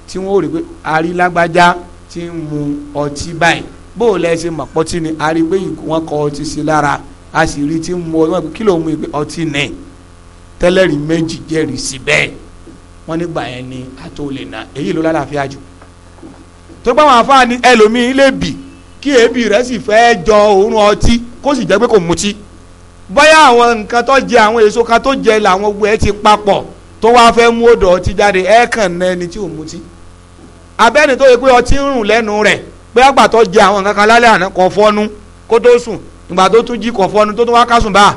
tí wọ́n rí pé arílágbájá ti ń mu ọtí báyìí bó o lẹ́sẹ̀ mọ̀ ni a rí pé wọ́n kọ ọtí sí lára a sì rí tí ń mu ọtí kí ló ń mu ọtí nẹ̀ tẹ́lẹ̀rí méjì jẹ́rìí sí bẹ́ẹ̀ wọ́n nígbà yẹn ni àtò lè nà èyí ló lálàáfíà jù tó bá wọn àfa ni ẹlòmíín lè bì kí èébì rẹ̀ sì fẹ́ jọ òórùn ọtí kó sì jẹ́ pé kò mutí bóyá àwọn nǹkan tó jẹ àwọn èso kan tó jẹ làwọn gbogbo ẹ ti papọ̀ tó wáá fẹ́ mú odò ọtí jáde ẹ kàn ná ẹni tí ò mutí abẹ́ni tó yẹ pé ọtí ń rùn lẹ́nu rẹ̀ pé àgbà tó jẹ àwọn nǹkan kan lálẹ́ àná kò fọ́nú kó tó sùn ìgbà tó tún jí kò fọ́nú tó tún wá kásùn báà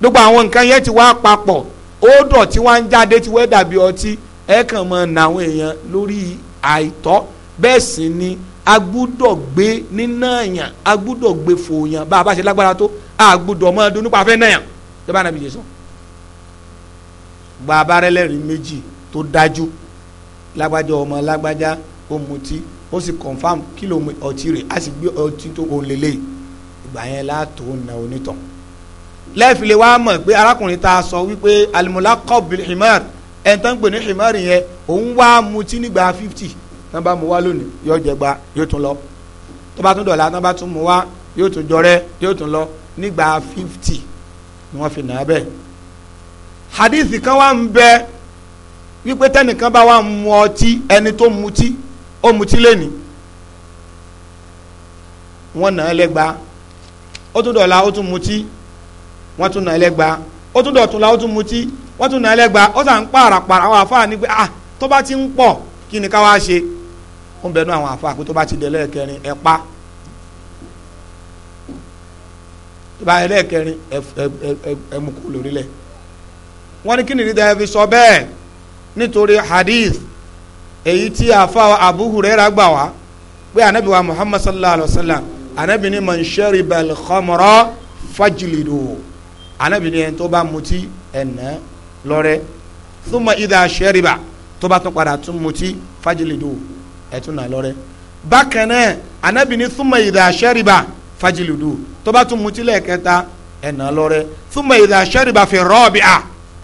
gbogbo àwọn nǹkan yẹn ti wá papọ̀ ódò tí wọ́n ń jáde tí wọ́n dàbí ọtí ẹ kàn máa nà àwọn èèyàn lórí àìtọ́ bẹ́ẹ̀ sì ni a gbúdọ̀ gbé nínà yàn a gbúdọ̀ gbé fòyàn bá a bá ṣe lágbára tó a gbúdọ̀ máa dunú pa afẹ́ náà yàn nàbí jésù. gba abárẹ́lẹ́rìí méjì tó dájú lágbájá ọmọ lágbájá ó mutí ó sì confam kí ló mu ọtí rẹ̀ a sì gbé ọtí tó òun lélẹ̀ ìgbà yẹn látò ń na onítàn lẹ́ẹ̀fìlẹ̀ wa mọ̀ pé arákùnrin ta sọ wípé al-mulaqab bil himar ẹni tó ń pè ní himar yẹn òun wá mutí nígbà fifty tán bá mu wá lónìí yóò jẹ gba yóò tún lọ tó bá tún dọ̀la tán bá tún mu wá yóò tún jọrẹ yóò tún lọ nígbà fifty ni wọ́n fi nà á bẹ́ẹ̀. hadith kan wà ń bẹ wípé tẹnìkan bá wà mu ọtí ẹni tó mutí ó mutí lẹ́nìí wọ́n nà á lẹ́gba ó tún dọ̀la ó tún mutí wọ́n tún nà ẹlẹ́gba ó tún dọ̀tún la ó tún mutí wọ́n tún nà ẹlẹ́gba ó sà ń pààràpààrà àwọn àfa ni pé ah tó bá ti ń pọ̀ kí ni ká wá ṣe ó ń bẹnu àwọn àfa pé tó bá ti dẹ̀ lẹ́ẹ̀kẹrin ẹ pa tó bá ẹlẹ́ẹ̀kẹrin ẹ mú kó lórí lẹ̀ wọ́n ní kí ni ìdíje fi sọ bẹ́ẹ̀ nítorí hadith èyí tí àfa Abu Hurairah gbà wá pé anabi wa Muhammad sallallahu alaihi wa sallam anabi ni man shariba al-khamra fajlidu anabi ni ẹni tó bá mutí ẹ̀nà lọ́rẹ́ thumma idha shariba tó bá tún padà tún mutí fajlidu ẹ̀tún náà lọ́rẹ́ bákan náà anabi ni thumma shariba fajlidu tó bá tún mutí lẹ́ẹ̀kẹta ẹ̀nà lọ́rẹ́ thumma idha shariba fi rabi'a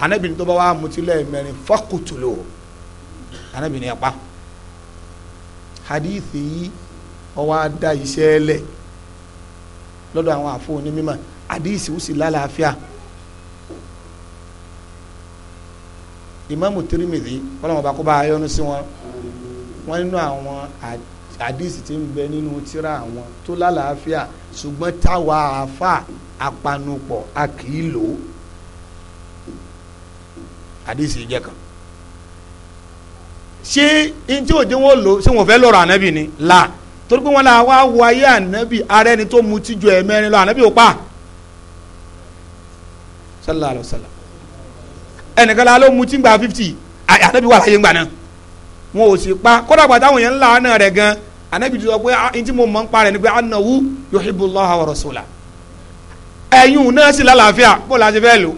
anabi ni tó bá wà mutí lẹ́ẹ̀mẹrin faqtulu anabi ni hadithi yìí ó wá dá iṣẹ́ lẹ̀ lọ́dọ̀ àwọn àfọwọ́ ní àdìsí ó sì lálàáfíà ìmáàmù Tirmidhi ọlọ́run ọba kó bá yọ́nú sí wọn wọn nínú àwọn àdìsí tí ń bẹ nínú tírà àwọn tó lálàáfíà ṣùgbọ́n táwa àáfà apanupọ̀ a kì í lò ó àdìsí jẹ́ kan ṣé ntí òde wọn lò ṣé wọn fẹ́ lọ́rọ̀ ànábì ni là torí pé wọn là wá wọ ayé ànábì ara tó mutí ju ẹ̀mẹ́rin lọ ànábì ò pa sallallahu alayhi wa sallam ẹnìkan la ló mutí gba fifty anabi wà láyé ńgbà náà wọn ò sì pa kódà gbàtà àwọn yẹn ńlá ọ̀nà rẹ̀ gan anabi ti sọ pé ẹni ah, tí mo mọ̀ ń pa ni pé anahu yuhibbullah wa rasula ẹ̀yìn náà sì lálàáfíà bó la ṣe fẹ́ lò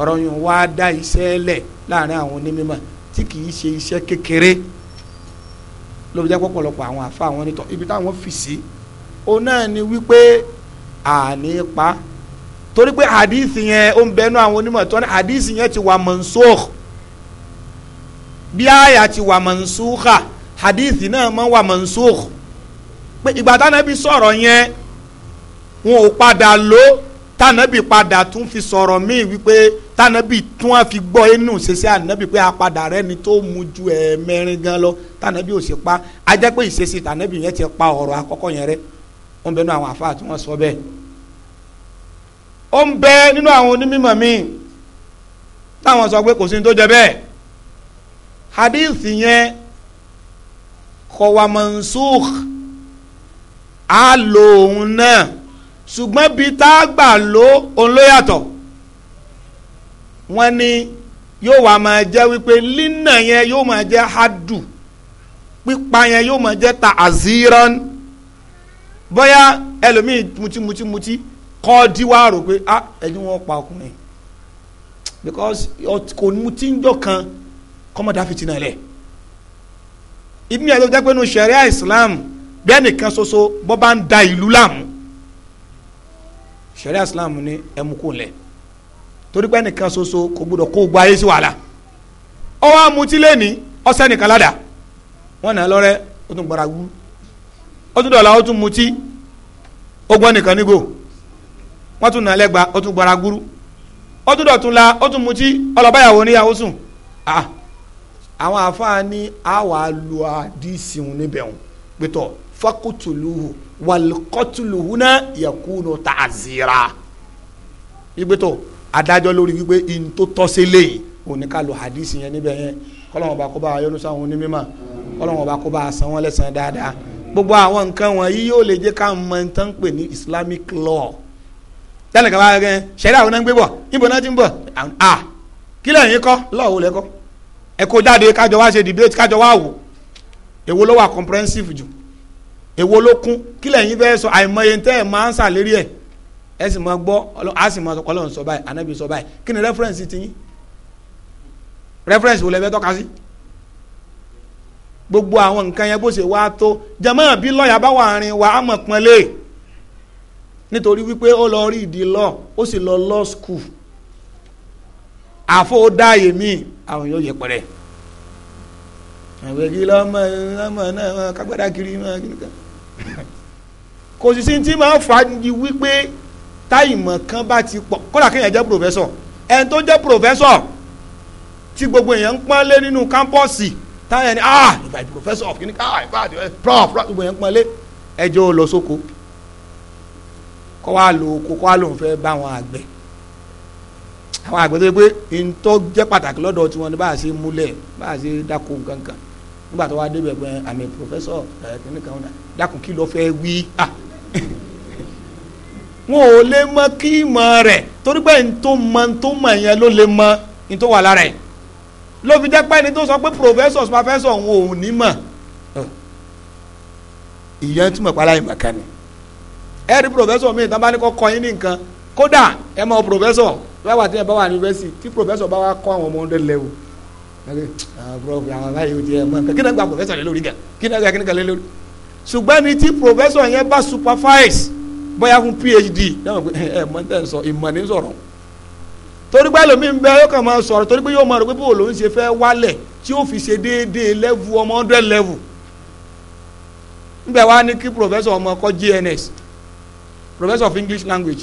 ọ̀rọ̀ yìí wá dá iṣẹ́ lẹ̀ láàrin àwọn onímọ̀ tí kì í ṣe iṣẹ́ kékeré ló fi jẹ́ pọ̀pọ̀lọpọ̀ àwọn àfa àwọn onítọ̀ ibi táwọn fi sí òun náà ni wípé àní pa á torí pé hadith yẹn ó ń bẹnu àwọn onímọ̀ tó ní hadith yẹn ti wà mansukh bí àyà ti wà mansukha hadith náà máa wà mansukh pé ìgbà tánàbí sọ̀rọ̀ yẹn wọn ò padà lò tánàbí padà tún fi sọ̀rọ̀ míì wípé tánàbí tún á fi gbọ́ inú ṣẹṣẹ ànábì pé apadà rẹ ni tó mu ju ẹ̀ẹ̀mẹrin gan lọ tánàbí ò sì pa ajẹ́ pé ìṣesí tánàbí yẹn ti pa ọ̀rọ̀ àkọ́kọ́ yẹn rẹ wọn bẹnu àwọn àfáà tí wọ́n sọ bẹ́ẹ̀ ó ń bẹ nínú àwọn onímọ̀ míì táwọn sọ pé kò sí ní tó jẹ bẹ́ẹ̀ hadith yẹn kò wà mansukh á lo òun náà ṣùgbọ́n bí tá a gbà ló òun ló yàtọ̀ wọ́n ní yóò wá máa jẹ́ wípé línà yẹn yóò máa jẹ́ hadu pípa yẹn yóò máa jẹ́ ta aziran bóyá ẹlòmíì mutí mutí mutí kọ́ọ́dí diwa rò pé ah ẹni wọn pa ọkùnrin because kò mú tí ń jọ kan kọ́mọ̀dá fìtínà lẹ̀ ibi yàtọ̀ jẹ́ pé nu sẹ̀ríà Islam bẹ́ẹ̀ nìkan ṣoṣo bọ́ bá ń da ìlú láàmú sẹ̀ríà Islam ní ẹmu kò lẹ̀ torí pé nìkan ṣoṣo kò gbọdọ̀ kó gba ayé sí wàhálà ọwọ́ amutílẹ̀ ní ọ̀sẹ̀ nìkan ládàá wọn nà lọ́rẹ́ ó tún gbọ́dọ̀ wú ó tún dọ̀la ó tún mutí ó gbọ́ nìkan nígò. wọ́n tún nà lẹ́gba ó tún gbọ́ra gúrú ó tún dọ̀tún la ó tún mutí ọlọ́bàyàwó níyàwó sùn ah àwọn ní àwà lu àdìsí òun níbẹ̀ òun pẹ̀tọ̀ fakutuluhu walikọtuluhu náà yakunu taazira ìgbẹ́tọ̀ adájọ́ lórí wípé in tó tọ́sí léyìí òní ká àdìsí yẹn níbẹ̀ yẹn kọ́lọ́wọ́n bá kó bá yọnu sáwọn kọ́lọ́wọ́n bá kó bá san gbogbo àwọn nǹkan yóò lè jẹ́ ká mọ̀ ní tán pè ní islamic tẹ́lẹ̀ kan wá gẹ́ sẹ́rí àwọn náà ń gbé bọ̀ ibo náà ti ń bọ̀ à kí lẹ́yìn kọ́ lọ́wọ́ lẹ́kọ́ ẹ kó jáde kájọ wá ṣe debate kájọ wá wò èwo ló wà comprehensive jù èwo ló kún kí lẹ́yìn fẹ́ sọ àìmọye tẹ́ ẹ̀ máa ń sà lérí ẹ̀ ẹ sì máa gbọ́ a sì máa Ọlọ́run sọ báyìí Ànábì sọ báyìí kí ni reference ti yín reference wo lẹ fẹ́ tọ́ka sí gbogbo àwọn nǹkan yẹn bó ṣe wá tó jàmáà nítorí wípé ó lọ rí ìdí lọ ó sì lọ law school àfọ dáàyè míì àwọn yóò yẹ pẹrẹ àwọn èyí lọmọ lọmọ náà kágbádá kiri máa kiri kan kò sì sí tí máa fà ní wípé táìmọ̀ kan bá ti pọ̀ kódà kéèyàn jẹ́ pòfẹ́sọ̀ ẹni tó jẹ́ pòfẹ́sọ̀ tí gbogbo èèyàn ń pọ́nlé nínú kámpọ́ọ̀sì táyà ni ah ìbàdí pòfẹ́sọ̀ kìnnìkan ah ìbàdí prof gbogbo èèyàn ń pọ́nlé ẹjọ́ lọ sóko kọ́ wa lo oko kọ́ wa lòun fẹ́ bá àwọn àgbẹ̀ àwọn àgbẹ̀ tó yẹ pé ntọ́ jẹ́ pàtàkì lọ́dọ̀ tiwọn ní bá a ṣe múlẹ̀ bá a ṣe dáko kankan nígbà tó wá débẹ̀ pé àmì pòfẹ́sọ̀ ẹ̀ẹ́dẹ́gbẹ̀rún kan dákun kí ló fẹ́ wí à ah. wọn ò lè mọ kí mọ rẹ̀ torí pé ntó mọ ntó mọ yẹn ló lè mọ ntó wà lára ẹ̀ ló fi jẹ́ pé ẹni tó sọ pé pòfẹ́sọ̀ pòfẹ́sọ̀ òun ò ní mọ̀ ìyẹn túmọ̀ pàlà ìmọ̀ kan ni ẹ rí professor mi ìtàn bá ní kọ́ kọ́ yín ní nǹkan kódà ẹ mọ professor báwa tí ẹ bá wà ní yunifásitì tí professor bá wà kọ́ àwọn ọmọ ọdẹ lẹ́wọ̀ ah, kí náà gba professor lé lórí gà kí náà gba kí náà gba lé lórí ṣùgbọ́n ní tí professor yẹn bá supervise bóyá fún phd dáhùn pé eh, ẹ mọ tẹ́ ń sọ ìmọ̀ ní sọ̀rọ̀ torí pé ẹlòmíì ń bẹ yóò kàn máa sọ̀rọ̀ torí pé yóò máa rò pé bóòlù ń ṣe fẹ́ wálẹ̀ tí ó fi ṣe déédéé level ọmọ hundred level ńbẹ wá ní kí professor ọmọ kọ́ gns professor of english language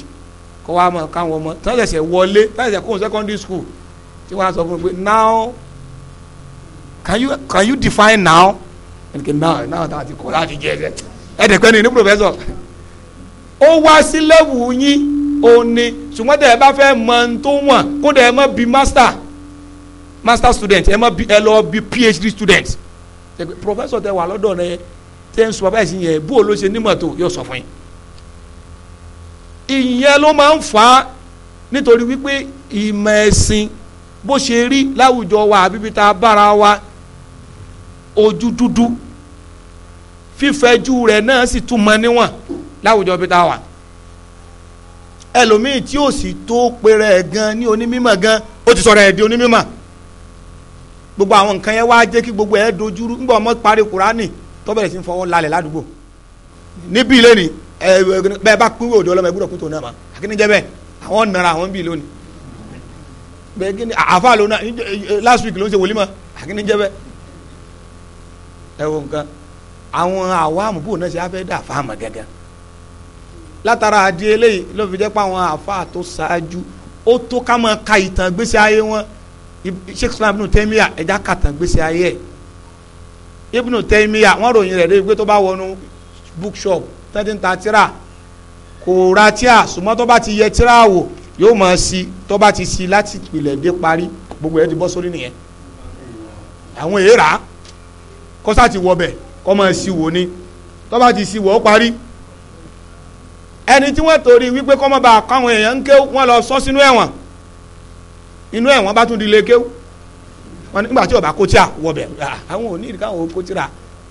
kọ́ wa mọ̀ káwọn ọmọ tí wọ́n ṣẹ̀ṣẹ̀ wọlé tí wọ́n ṣẹ̀ṣẹ̀ kóhun secondary school tí wọ́n á sọ fún mi pé now can you can you define now ẹnìkan náà now now a ti kọ́ láti jẹ ẹsẹ̀ ẹ̀ẹ́dẹ̀gbẹ́ ni ní professor ó wá sí lẹ́wù yín ó ní ṣùgbọ́n tẹ̀ ẹ bá fẹ́ mọ ohun tó wọ̀n kó ẹ má bí master master student ẹ má bí ẹ lọ bí phd student professor tẹ wà lọ́dọ̀ rẹ tẹ́ ń supervise yẹn bó o ló ṣe nímọ̀ tó yóò sọ fún yín ìyẹn ló máa ń fà á nítorí wípé ìmọ̀ ẹ̀sìn bó ṣe rí láwùjọ wa àbíbi tá a bára wa ojú dúdú fífẹ̀jú rẹ̀ náà sì tún mọ níwọ̀n láwùjọ bí ta wà ẹlòmíì tí ó sì tó péré ẹ̀ gan ní onímọ̀ gan ó ti sọ̀rọ̀ ẹ̀ di onímọ̀ gbogbo àwọn nǹkan yẹn wá jẹ́ kí gbogbo ẹ̀ dojúrú ńgbà ọmọ parí Kùránì tó bẹ̀rẹ̀ sí fọwọ́ lálẹ̀ ládùúgbò níbí lẹ́nìí ẹ bẹ́ẹ̀ bá kúrò ọ̀dọ̀ ọlọ́mọ ẹgbúdọ̀ kútó náà ma akíní jẹ́ bẹ́ẹ̀ àwọn nara àwọn ń bì lónìí bẹ́ẹ̀ kí ni àfa ló last week ló ń ṣe wòlímọ̀ akíní jẹ́ bẹ́ẹ̀ ẹ wo nǹkan àwọn àwa àmúbò náà ṣe á fẹ́ dà fáàmà gẹ́gẹ́ látara àdí eléyìí ló fi jẹ́ pé àwọn àfa tó ṣáájú ó tó ká máa ka ìtàn gbèsè ayé wọn sheikh islam ibn ẹja kàtàn gbèsè ayé ibn taymiya wọn ròyìn rẹ̀ débi pé tó bá wọnú bookshop tẹ́tí ń ta tíra kò ra tíra ṣùgbọ́n tó bá ti yẹ tíra wò yóò máa si tó bá ti si láti ìpìlẹ̀ dé parí gbogbo ẹ̀ ti bọ́ sórí nìyẹn àwọn èèrà kọ́sá ti wọ bẹ̀ kọ́ máa si wò ni tó bá ti si wò ó parí ẹni tí wọ́n torí wípé kọ́ mọ́ bá a kọ́ àwọn èèyàn ń kéwù wọ́n lọ sọ sínú ẹ̀wọ̀n inú ẹ̀wọ̀n bá tún di ilé kéwù wọn nígbà tí ọba kó tíra wọ bẹ̀ àwọn ò ní ìdíkà àwọn kó tíra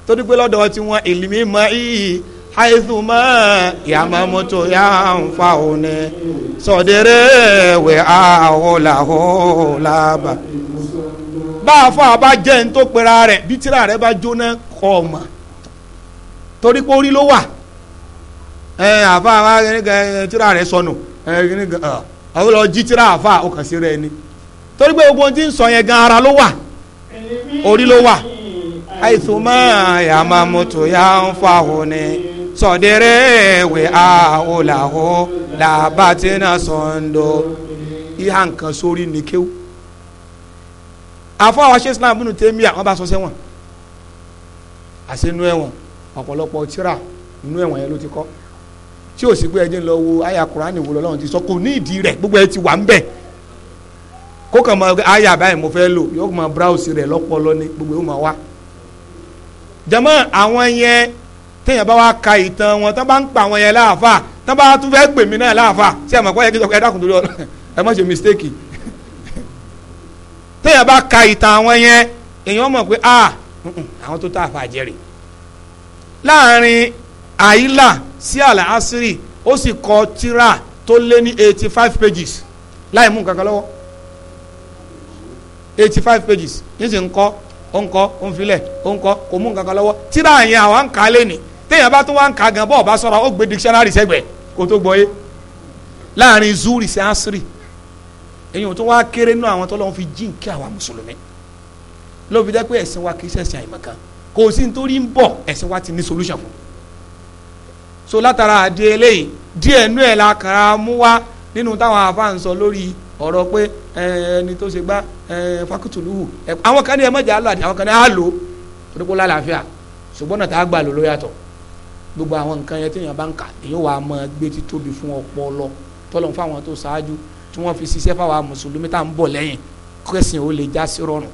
torí pé lọ́dọ̀ tí wọ́n èlìmí mọ́ iyì haithuma yamamutu yanfauni sọdẹrẹ wẹ aholahu laba. bá a fọ àbá jẹ́ ní tó pera rẹ̀ bí tíra rẹ̀ bá tíra rẹ ni torí pé gbogbo ohun tí ń sọ yẹn gan ara sọdẹrẹwẹ àhólàhó làbàtẹ́nà sọ̀ndọ̀ ìhà nǹkan sórí nìkéw àfọ àwọn aṣẹ́ islam bínú tẹ́mi àwọn bá sọ sẹ́wọ̀n àṣẹnú ẹ̀wọ̀n ọ̀pọ̀lọpọ̀ tíra inú ẹ̀wọ̀n yẹn ló ti kọ́ tí ò sí pé ẹjẹ ń lọ wo àyà kùránì wo lọ́lọ́run ti sọ kò ní ìdí rẹ̀ gbogbo ẹ ti wà ń bẹ̀ kó kàn máa àyà báyìí mo fẹ́ lò yóò máa bíráùsì rẹ̀ lọ́pọ̀lọ́ ní gbogbo yóò máa wá jama àwọn yẹn téèyàn bá wá ka ìtàn wọn tán bá ń pa àwọn yẹn láàfà tán bá tún fẹ́ pè mí náà láàfà sí àmọ́ kọ́ yẹ kí ẹ dákun torí ọ ẹ má ṣe mistake téèyàn bá ka ìtàn àwọn yẹn èèyàn mọ̀ pé a ah, àwọn tó tá àfà jẹ́rìí láàrin àyílà sí àlà àṣírí ó sì kọ tírà tó lé ní eighty five pages láì mú nǹkan lọ́wọ́ eighty five pages yín sì ń kọ́ ó ń kọ́ ó ń filẹ̀ ó ń kọ́ kò mú nǹkan lọ́wọ́ tírà yẹn àwa ń kà á téèyàn bá tún wá ń ka gan bọ́ọ̀ bá sọ̀rọ̀ ó gbé dictionary sẹ́gbẹ̀ kó tó gbọ́ yé láàrin zuri sí asiri èyàn tó wá kéré nínú àwọn tọ́lọ́run fi jí nkí àwa mùsùlùmí ló fi jẹ́ pé ẹ̀sìn wa kì í ṣẹ̀sìn àìmọ̀kan kò sí nítorí ń bọ̀ ẹ̀sìn wa ti ní solution fún so látara àdé eléyìí díẹ̀ nú ẹ̀ la kàrà mú wá nínú táwọn àfáà ń sọ lórí ọ̀rọ̀ pé ẹni tó ṣe gbá fakutuluhu àwọn kan ní ẹ mọ̀jà alọ́ àti àwọn kan ní àlò onípò lálàáfíà ṣùgbọ́n náà tá a gbà lò ló gbogbo àwọn nǹkan yẹn téèyàn bá ń kà èyàn wà á mọ gbé títóbi fún ọpọlọ tọ́lọ̀ fún àwọn tó ṣáájú tí wọ́n fi ṣiṣẹ́ fáwọn mùsùlùmí tá à ń bọ̀ lẹ́yìn kẹsìn ó lè já sí rọrùn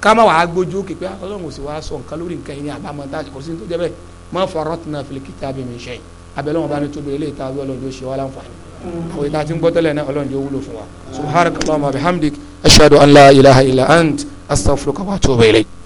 ká má wàá gbójú òkè pé ah, ọlọ́run ò sì wá sọ nǹkan lórí nǹkan yìí ní àbámọ́ tá kò sí ní tó jẹ́ bẹ́ẹ̀ má farratna fil kitabi min shay abẹ́lẹ́ wọn bá ní tóbi eléyìí tá a bí ọlọ́run ló ṣe wá láǹfààní àwọn ìta tí ń gbọ́ tẹ́lẹ̀ náà ọlọ́run yóò wúlò fún ant astaghfiruka wa atubu ilayk.